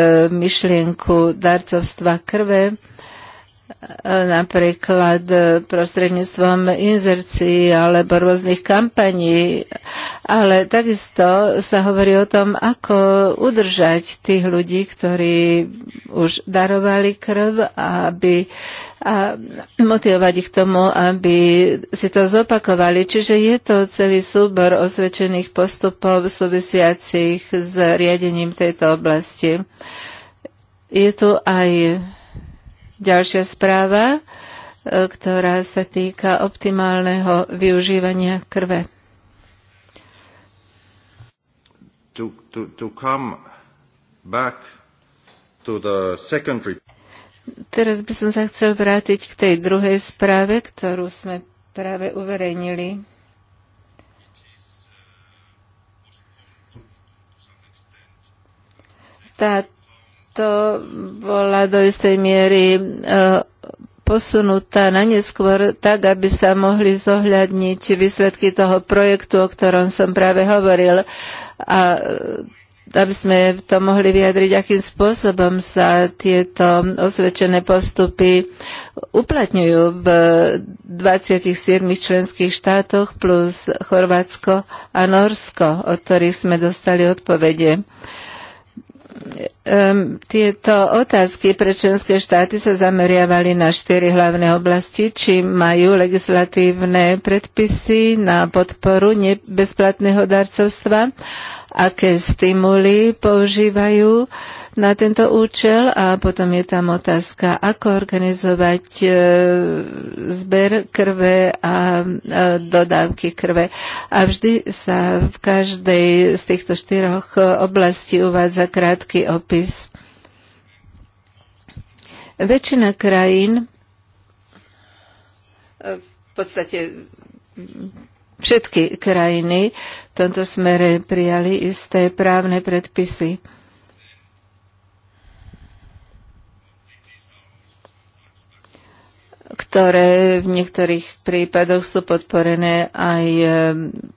myšlienku darcovstva krve napríklad e, prostredníctvom inzercií alebo rôznych kampaní, ale takisto sa hovorí o tom, ako udržať tých ľudí, ktorí už darovali krv, aby a motivovať ich tomu, aby si to zopakovali. Čiže je to celý súbor osvedčených postupov súvisiacich s riadením tejto oblasti. Je tu aj Ďalšia správa, e, ktorá sa týka optimálneho využívania krve. To, to, to come back to the secondary... Teraz by som sa chcel vrátiť k tej druhej správe, ktorú sme práve uverejnili. Tá to bola do istej miery e, posunutá na neskôr tak, aby sa mohli zohľadniť výsledky toho projektu, o ktorom som práve hovoril. A e, aby sme to mohli vyjadriť, akým spôsobom sa tieto osvedčené postupy uplatňujú v 27 členských štátoch plus Chorvátsko a Norsko, od ktorých sme dostali odpovede. Uh, Ehm, tieto otázky pre členské štáty sa zameriavali na štyri hlavné oblasti, či majú legislatívne predpisy na podporu bezplatného darcovstva, aké stimuly používajú, na tento účel a potom je tam otázka, ako organizovať e, zber krve a dodávky krve. A vždy sa v každej z týchto štyroch oblastí uvádza krátky opis. Väčšina krajín v podstate všetky krajiny v tomto smere prijali isté právne predpisy. ktoré v niektorých prípadoch sú podporené aj e,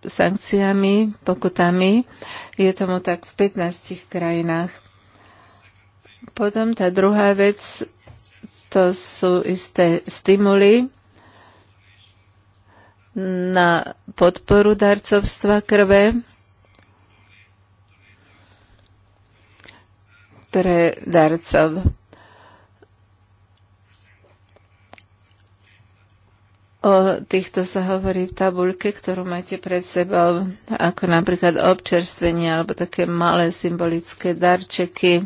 sankciami, pokutami. Je tomu tak v 15 krajinách. Potom tá druhá vec, to sú isté stimuly na podporu darcovstva krve pre darcov O týchto sa hovorí v tabuľke, ktorú máte pred sebou, ako napríklad občerstvenie alebo také malé symbolické darčeky,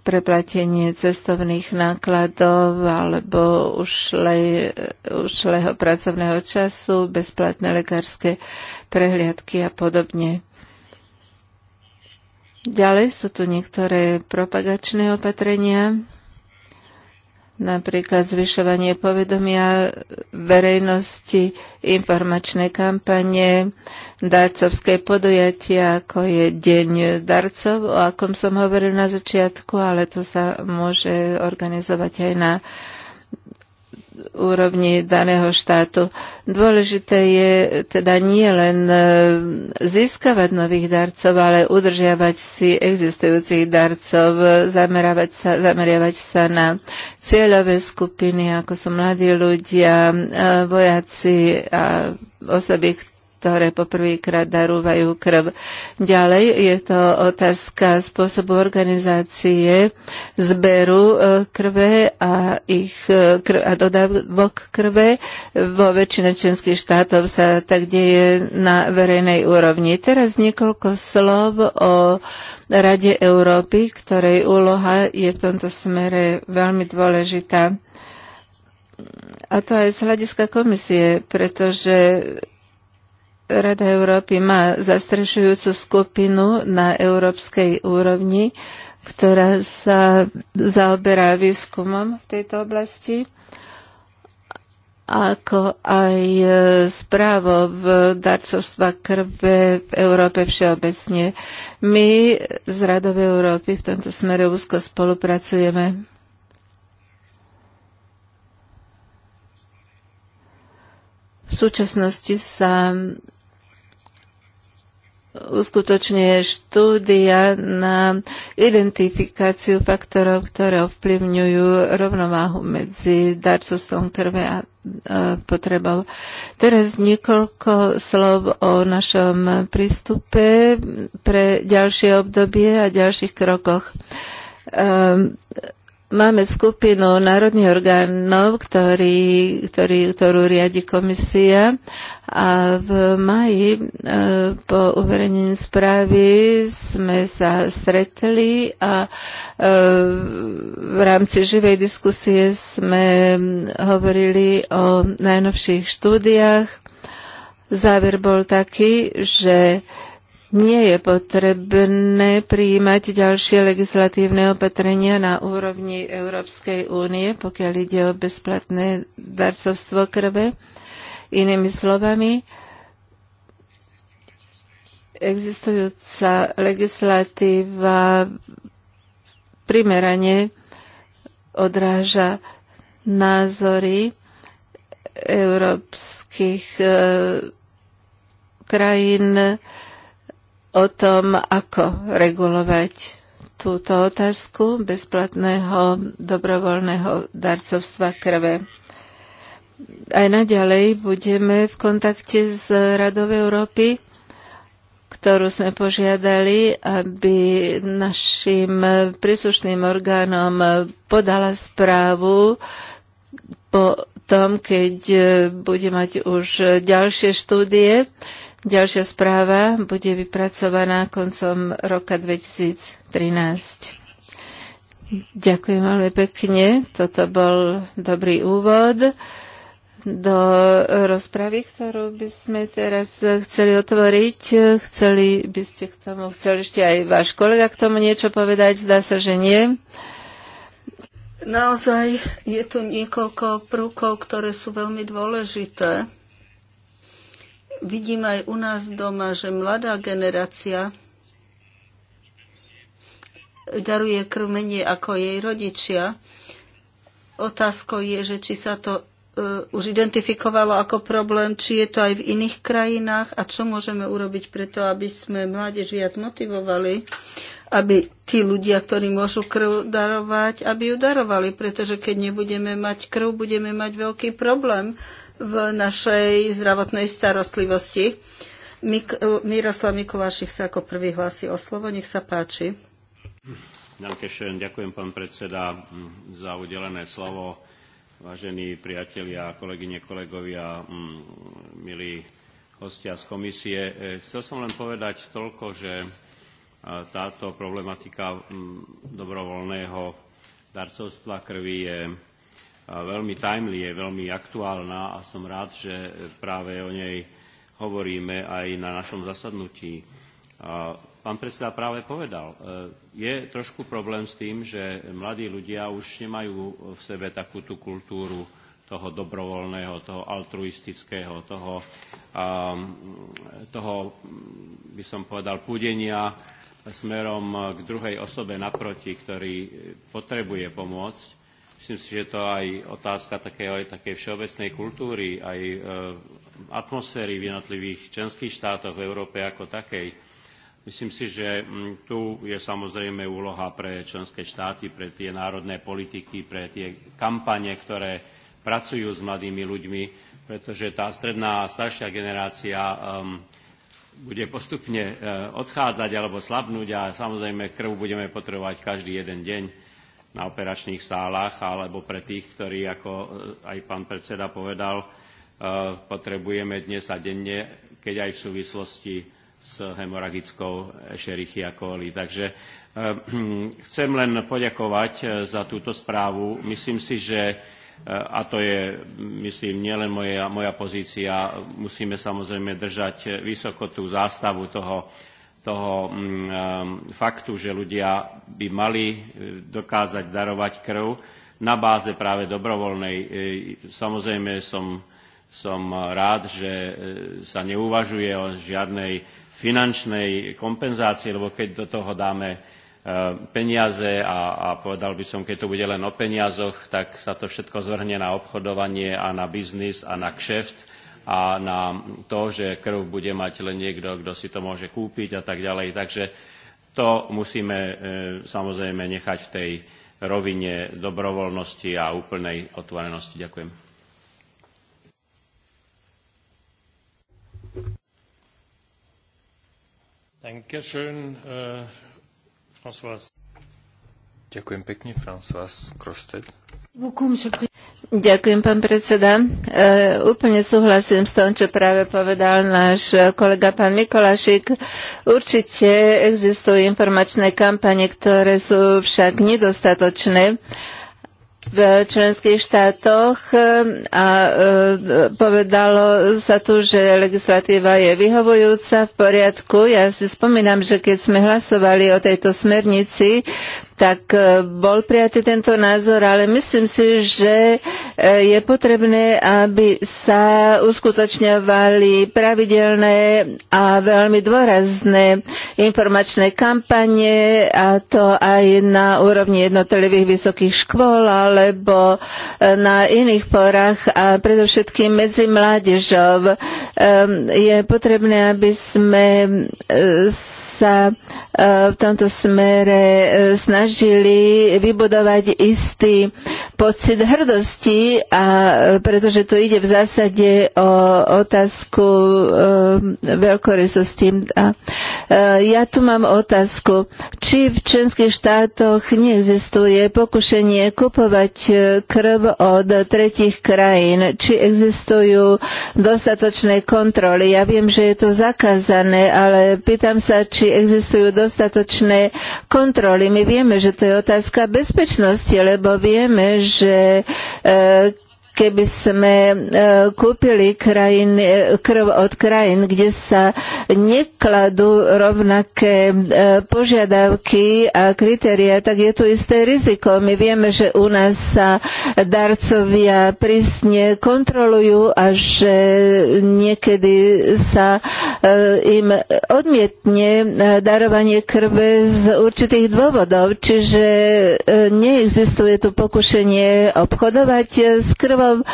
preplatenie cestovných nákladov alebo ušlej, ušleho pracovného času, bezplatné lekárske prehliadky a podobne. Ďalej sú tu niektoré propagačné opatrenia, napríklad zvyšovanie povedomia verejnosti, informačné kampane, darcovské podujatia, ako je Deň darcov, o akom som hovoril na začiatku, ale to sa môže organizovať aj na uh, úrovni daného štátu. Dôležité je teda nie len e, získavať nových darcov, ale udržiavať si existujúcich darcov, zameriavať sa, zameriavať sa na cieľové skupiny, ako sú mladí ľudia, e, vojaci a osoby, ktoré poprvýkrát darúvajú krv. Ďalej je to otázka spôsobu organizácie zberu e, krve a, ich, e, krv, a dodávok krve. Vo väčšine členských štátov sa tak deje na verejnej úrovni. Teraz niekoľko slov o Rade Európy, ktorej úloha je v tomto smere veľmi dôležitá a to aj z hľadiska komisie, pretože Rada Európy má zastrešujúcu skupinu na európskej úrovni, ktorá sa zaoberá výskumom v tejto oblasti ako aj e, správo v darcovstva krve v Európe všeobecne. My z Radov Európy v tomto smere úzko spolupracujeme. V súčasnosti sa uskutočňuje štúdia na identifikáciu faktorov, ktoré ovplyvňujú rovnováhu medzi darcovstvom krve a potrebou. Teraz niekoľko slov o našom prístupe pre ďalšie obdobie a ďalších krokoch. Ehm, Máme skupinu národných orgánov, ktorý, ktorý, ktorú riadi komisia a v maji e, po uverejnení správy sme sa stretli a e, v rámci živej diskusie sme hovorili o najnovších štúdiách. Záver bol taký, že nie je potrebné prijímať ďalšie legislatívne opatrenia na úrovni Európskej únie, pokiaľ ide o bezplatné darcovstvo krve. Inými slovami, existujúca legislatíva primerane odráža názory európskych e, krajín, e, o tom, ako regulovať túto otázku bezplatného dobrovoľného darcovstva krve. Aj naďalej budeme v kontakte s Radou Európy, ktorú sme požiadali, aby našim príslušným orgánom podala správu po tom, keď bude mať už ďalšie štúdie, Ďalšia správa bude vypracovaná koncom roka 2013. Ďakujem veľmi pekne. Toto bol dobrý úvod do rozpravy, ktorú by sme teraz chceli otvoriť. Chceli by ste k tomu, chceli ešte aj váš kolega k tomu niečo povedať? Zdá sa, že nie. Naozaj je tu niekoľko prúkov, ktoré sú veľmi dôležité Vidím aj u nás doma, že mladá generácia daruje krv menej ako jej rodičia. Otázkou je, že či sa to e, už identifikovalo ako problém, či je to aj v iných krajinách a čo môžeme urobiť preto, aby sme mládež viac motivovali, aby tí ľudia, ktorí môžu krv darovať, aby ju darovali, pretože keď nebudeme mať krv, budeme mať veľký problém v našej zdravotnej starostlivosti. Mik- Miroslav Mikulášik sa ako prvý hlási o slovo. Nech sa páči. Ďakujem, ďakujem pán predseda, za udelené slovo. Vážení priatelia, kolegyne, kolegovia, milí hostia z komisie. E, chcel som len povedať toľko, že e, táto problematika dobrovoľného darcovstva krvi je veľmi timely, je veľmi aktuálna a som rád, že práve o nej hovoríme aj na našom zasadnutí. Pán predseda práve povedal, e, je trošku problém s tým, že mladí ľudia už nemajú v sebe takúto kultúru toho dobrovoľného, toho altruistického, toho, toho by som povedal, púdenia smerom k druhej osobe naproti, ktorý potrebuje pomôcť Myslím si, že to aj otázka takej, takej všeobecnej kultúry, aj e, atmosféry v jednotlivých členských štátoch v Európe ako takej. Myslím si, že m, mm, tu je samozrejme úloha pre členské štáty, pre tie národné politiky, pre tie kampane, ktoré pracujú s mladými ľuďmi, pretože tá stredná a staršia generácia um, bude postupne uh, odchádzať alebo slabnúť a samozrejme krv budeme potrebovať každý jeden deň na operačných sálach, alebo pre tých, ktorí, ako e, aj pán predseda povedal, e, potrebujeme dnes a denne, keď aj v súvislosti s hemoragickou Escherichia coli. Takže e, chcem len poďakovať za túto správu. Myslím si, že a to je, myslím, nielen moja, moja pozícia, musíme samozrejme držať vysoko tú zástavu toho toho mm, eh, faktu, že ľudia by mali eh, dokázať darovať krv na báze práve dobrovoľnej. Eh, samozrejme som, som rád, že sa neuvažuje o žiadnej finančnej kompenzácii, lebo keď do toho dáme peniaze a, a povedal by som, keď to bude len o peniazoch, tak sa to všetko zvrhne na obchodovanie a na biznis a na kšeft a na to, že krv bude mať len niekto, kto si to môže kúpiť a tak ďalej. Takže to musíme e, samozrejme nechať v tej rovine dobrovoľnosti a úplnej otvorenosti. Ďakujem. Äh, Ďakujem pekne, François Crosted. Ďakujem, pán predseda. E, úplne súhlasím s tom, čo práve povedal náš kolega pán Mikolašik. Určite existujú informačné kampane, ktoré sú však nedostatočné v členských štátoch e, a e, povedalo sa tu, že legislatíva je vyhovujúca v poriadku. Ja si spomínam, že keď sme hlasovali o tejto smernici, tak e, bol prijatý tento názor, ale myslím si, že e, je potrebné, aby sa uskutočňovali pravidelné a veľmi dôrazné informačné kampanie a to aj na úrovni jednotlivých vysokých škôl alebo e, na iných porách a predovšetkým medzi mládežov. Ehm, je potrebné, aby sme sa e, v tomto smere e, snažili vybudovať istý pocit hrdosti, a e, pretože tu ide v zásade o otázku veľkorysosti. A ja tu mám otázku, či v členských štátoch neexistuje pokušenie kupovať krv od tretich krajín, či existujú dostatočné kontroly. Ja viem, že je to zakázané, ale pýtam sa, či existujú dostatočné kontroly. My vieme, že to je otázka bezpečnosti, lebo vieme, že e, keby sme e, kúpili krajín, e, krv od krajín, kde sa nekladú rovnaké e, požiadavky a kritéria, tak je tu isté riziko. My vieme, že u nás sa darcovia prísne kontrolujú a že niekedy sa im odmietne darovanie krve z určitých dôvodov. Čiže neexistuje tu pokušenie obchodovať s krvou, slov.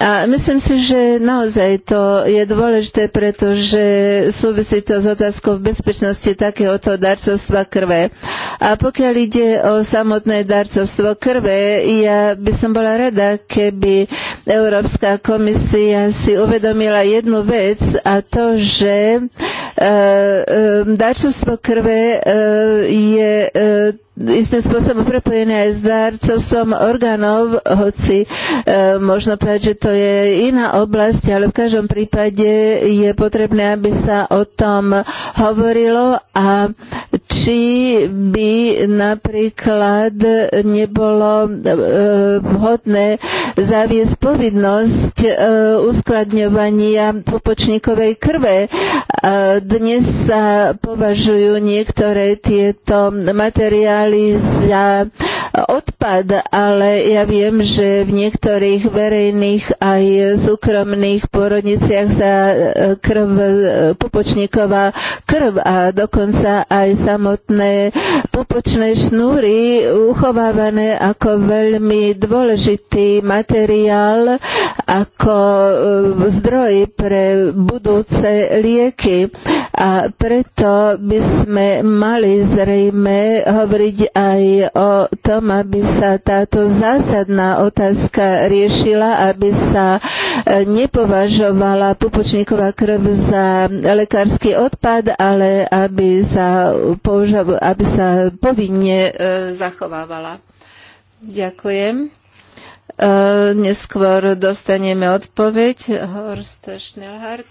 A myslím si, že naozaj to je dôležité, pretože súvisí to s otázkou bezpečnosti takéhoto darcovstva krve. A pokiaľ ide o samotné darcovstvo krve, ja by som bola rada, keby Európska komisia si uvedomila jednu vec a to, že e, e, darcovstvo krve e, je e, istým spôsobom prepojené aj s darcovstvom orgánov, hoci e, možno povedať, že to je iná oblasť, ale v každom prípade je potrebné, aby sa o tom hovorilo a či by napríklad nebolo eh, vhodné zaviesť povinnosť eh, uskladňovania popočníkovej krve. Dnes sa považujú niektoré tieto materiály za odpad, ale ja viem, že v niektorých verejných aj súkromných porodniciach sa e, krv, e, pupočníková krv a dokonca aj samotné pupočné šnúry uchovávané ako veľmi dôležitý materiál, ako e, zdroj pre budúce lieky. A preto by sme mali zrejme hovoriť aj o tom, tom, aby sa táto zásadná otázka riešila, aby sa e, nepovažovala pupočníková krv za lekársky odpad, ale aby sa, aby sa povinne e, zachovávala. Ďakujem. E, Neskôr dostaneme odpoveď. Horst Schnellhardt.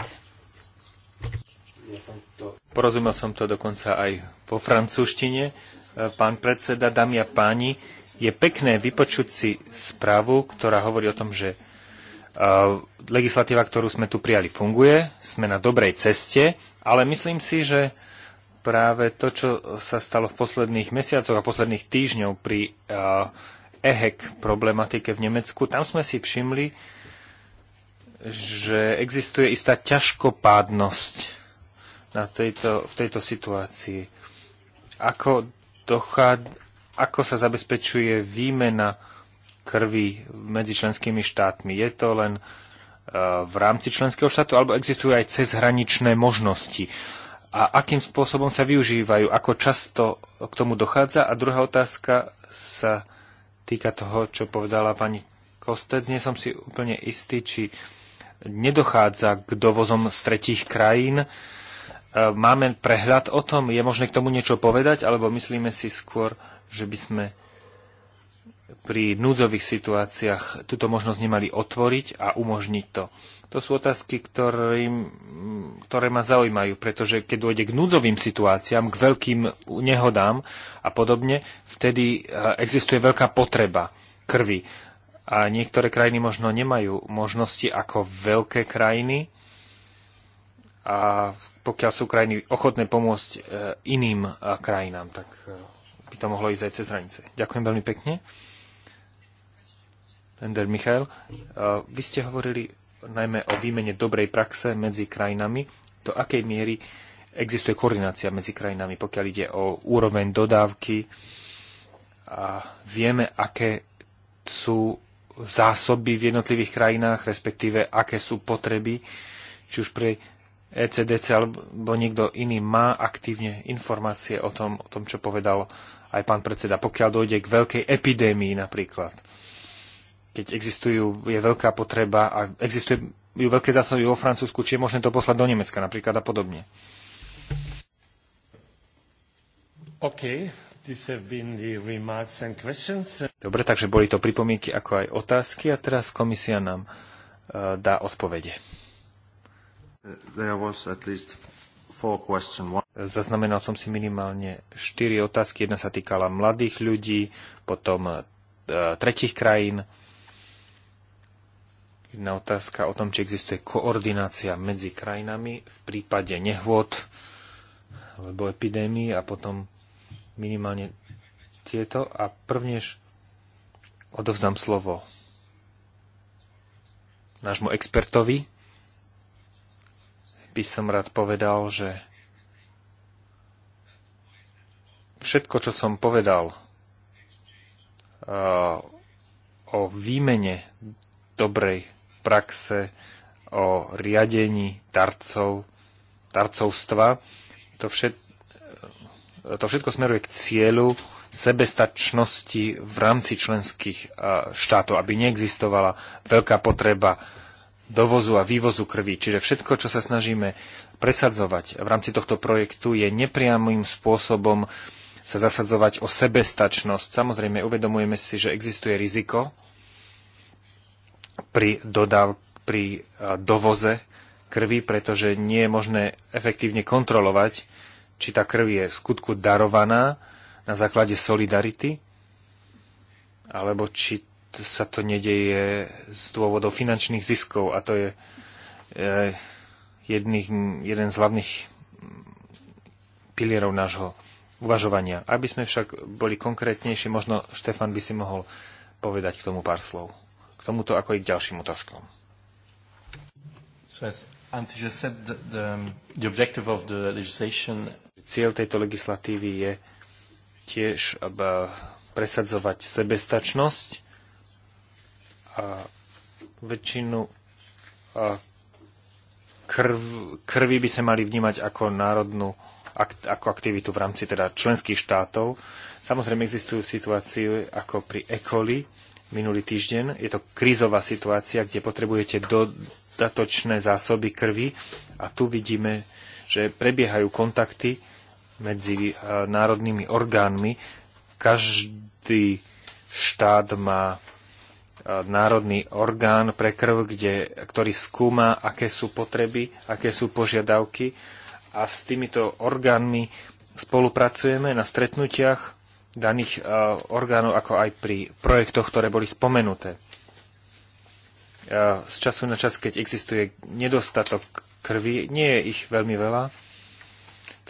Porozumel som to dokonca aj po francúzštine. E, pán predseda, dámy a páni. Je pekné vypočuť si správu, ktorá hovorí o tom, že e, legislatíva, ktorú sme tu prijali, funguje, sme na dobrej ceste, ale myslím si, že práve to, čo sa stalo v posledných mesiacoch a posledných týždňov pri EHEC e problematike v Nemecku, tam sme si všimli, že existuje istá ťažkopádnosť na tejto, v tejto situácii. Ako dochád- ako sa zabezpečuje výmena krvi medzi členskými štátmi. Je to len e, v rámci členského štátu, alebo existujú aj cezhraničné možnosti? A akým spôsobom sa využívajú? Ako často k tomu dochádza? A druhá otázka sa týka toho, čo povedala pani Kostec. Nie som si úplne istý, či nedochádza k dovozom z tretích krajín, E, máme prehľad o tom? Je možné k tomu niečo povedať? Alebo myslíme si skôr, že by sme pri núdzových situáciách túto možnosť nemali otvoriť a umožniť to? To sú otázky, ktorým, ktoré ma zaujímajú, pretože keď dôjde k núdzovým situáciám, k veľkým nehodám a podobne, vtedy e, existuje veľká potreba krvi. A niektoré krajiny možno nemajú možnosti ako veľké krajiny a pokiaľ sú krajiny ochotné pomôcť e, iným e, krajinám, tak e, by to mohlo ísť aj cez hranice. Ďakujem veľmi pekne. Ender Michal, vy ste hovorili najmä o výmene dobrej praxe medzi krajinami. Do akej miery existuje koordinácia medzi krajinami, pokiaľ ide o úroveň dodávky a vieme, aké sú zásoby v jednotlivých krajinách, respektíve aké sú potreby, či už pre ECDC alebo niekto iný má aktívne informácie o tom, o tom, čo povedal aj pán predseda. Pokiaľ dojde k veľkej epidémii napríklad, keď existujú, je veľká potreba a existujú veľké zásoby vo Francúzsku, či je možné to poslať do Nemecka napríklad a podobne. OK, Dobre, takže boli to pripomienky ako aj otázky a teraz komisia nám uh, dá odpovede. Uh, Zaznamenal som si minimálne štyri otázky. Jedna sa týkala mladých ľudí, potom uh, tretich krajín. Jedna otázka o tom, či existuje koordinácia medzi krajinami v prípade nehôd alebo epidémii a potom minimálne tieto. A prvnež odovzdám slovo nášmu expertovi, by som rád povedal, že všetko, čo som povedal uh, o výmene dobrej praxe, o riadení darcov, darcovstva, to, všet, to všetko smeruje k cieľu sebestačnosti v rámci členských uh, štátov, aby neexistovala veľká potreba dovozu a vývozu krvi. Čiže všetko, čo sa snažíme presadzovať v rámci tohto projektu, je nepriamým spôsobom sa zasadzovať o sebestačnosť. Samozrejme, uvedomujeme si, že existuje riziko pri, dodav, pri e, dovoze krvi, pretože nie je možné efektívne kontrolovať, či tá krv je v skutku darovaná na základe solidarity, alebo či sa to nedeje z dôvodov finančných ziskov a to je e, jedný, jeden z hlavných pilierov nášho uvažovania. Aby sme však boli konkrétnejší, možno Štefan by si mohol povedať k tomu pár slov. K tomuto ako i k ďalším otázkom. Um, Cieľ tejto legislatívy je tiež e, presadzovať sebestačnosť a väčšinu a krv, krvi by sa mali vnímať ako národnú ako aktivitu v rámci teda členských štátov. Samozrejme existujú situácie ako pri ECOLI minulý týždeň. Je to krízová situácia, kde potrebujete dodatočné zásoby krvi a tu vidíme, že prebiehajú kontakty medzi e, národnými orgánmi. Každý štát má národný orgán pre krv, kde, ktorý skúma, aké sú potreby, aké sú požiadavky a s týmito orgánmi spolupracujeme na stretnutiach daných e, orgánov, ako aj pri projektoch, ktoré boli spomenuté. E, z času na čas, keď existuje nedostatok krvi, nie je ich veľmi veľa.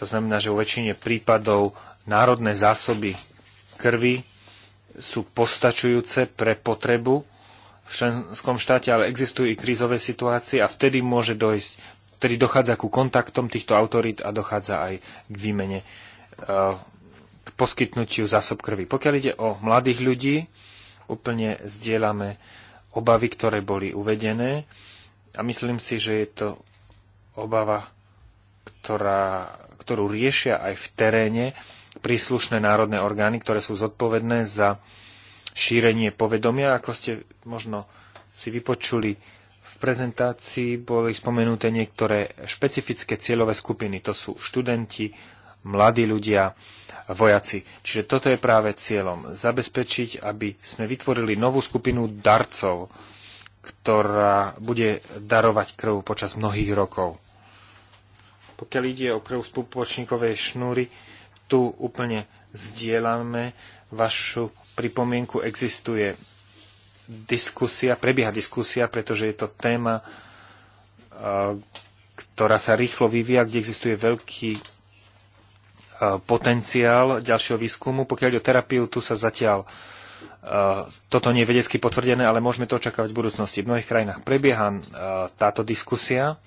To znamená, že vo väčšine prípadov národné zásoby krvi sú postačujúce pre potrebu v členskom štáte, ale existujú i krízové situácie a vtedy môže dojsť, vtedy dochádza ku kontaktom týchto autorít a dochádza aj k výmene, e, k poskytnutiu zásob krvi. Pokiaľ ide o mladých ľudí, úplne zdieľame obavy, ktoré boli uvedené a myslím si, že je to obava, ktorá, ktorú riešia aj v teréne príslušné národné orgány, ktoré sú zodpovedné za šírenie povedomia. Ako ste možno si vypočuli v prezentácii, boli spomenuté niektoré špecifické cieľové skupiny. To sú študenti, mladí ľudia, vojaci. Čiže toto je práve cieľom. Zabezpečiť, aby sme vytvorili novú skupinu darcov, ktorá bude darovať krv počas mnohých rokov. Pokiaľ ide o krv z pupočníkovej šnúry, tu úplne zdieľame vašu pripomienku. Existuje diskusia, prebieha diskusia, pretože je to téma, e, ktorá sa rýchlo vyvíja, kde existuje veľký e, potenciál ďalšieho výskumu. Pokiaľ ide o terapiu, tu sa zatiaľ e, toto nie je vedecky potvrdené, ale môžeme to očakávať v budúcnosti. V mnohých krajinách prebieha táto diskusia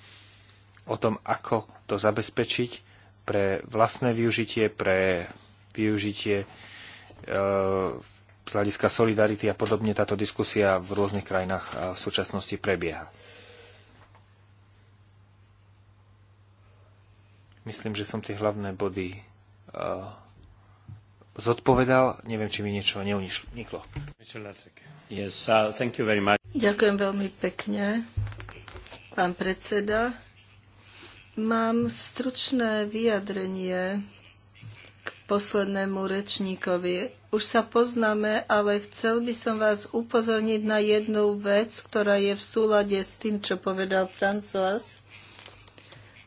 o tom, ako to zabezpečiť pre vlastné využitie, pre využitie e, z hľadiska solidarity a podobne táto diskusia v rôznych krajinách e, v súčasnosti prebieha. Myslím, že som tie hlavné body e, zodpovedal. Neviem, či mi niečo neuniklo. Yes, uh, Ďakujem veľmi pekne, pán predseda. Mám stručné vyjadrenie k poslednému rečníkovi. Už sa poznáme, ale chcel by som vás upozorniť na jednu vec, ktorá je v súlade s tým, čo povedal François.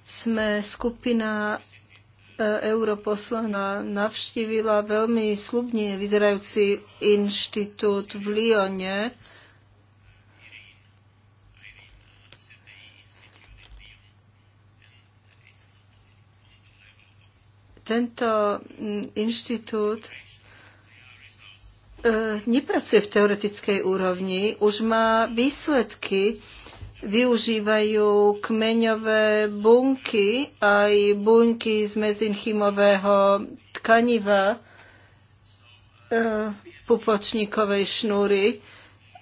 Sme skupina e, europoslana navštívila veľmi slubne vyzerajúci inštitút v Lyone, Tento inštitút e, nepracuje v teoretickej úrovni, už má výsledky, využívajú kmeňové bunky, aj bunky z mezinchymového tkaniva, e, pupočníkovej šnúry.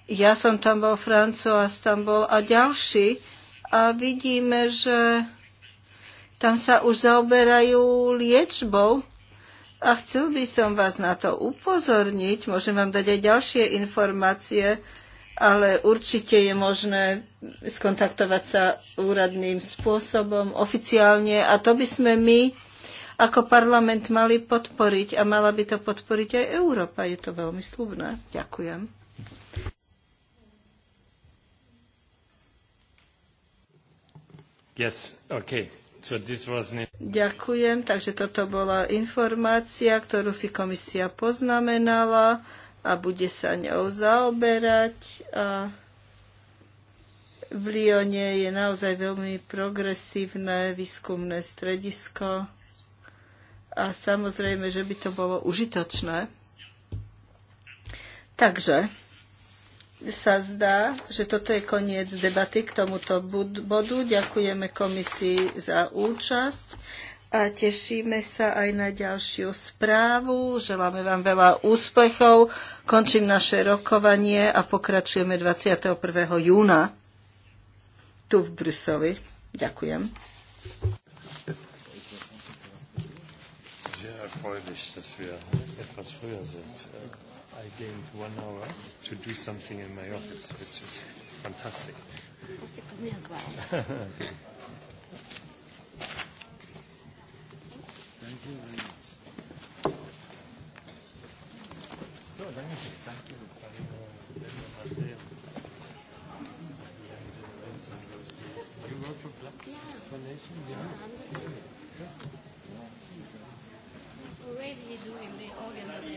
Ja som tam bol, Francois tam bol a ďalší. A vidíme, že tam sa už zaoberajú liečbou. A chcel by som vás na to upozorniť, môžem vám dať aj ďalšie informácie, ale určite je možné skontaktovať sa úradným spôsobom oficiálne a to by sme my ako parlament mali podporiť a mala by to podporiť aj Európa. Je to veľmi slubné. Ďakujem. Yes, okay. Ďakujem, takže toto bola informácia, ktorú si komisia poznamenala a bude sa ňou zaoberať. A v Lione je naozaj veľmi progresívne výskumné stredisko a samozrejme, že by to bolo užitočné. Takže sa zdá, že toto je koniec debaty k tomuto bodu. Ďakujeme komisii za účasť a tešíme sa aj na ďalšiu správu. Želáme vám veľa úspechov. Končím naše rokovanie a pokračujeme 21. júna tu v Bruseli. Ďakujem. Sehr erfreulich, dass wir etwas früher sind. I gained one hour to do something in my office, which is fantastic. Fantastic for me as well. Thank you very much. No, thank you. Thank you. You work for Black yeah. Foundation? Yeah. yeah. yeah. He's already doing the organ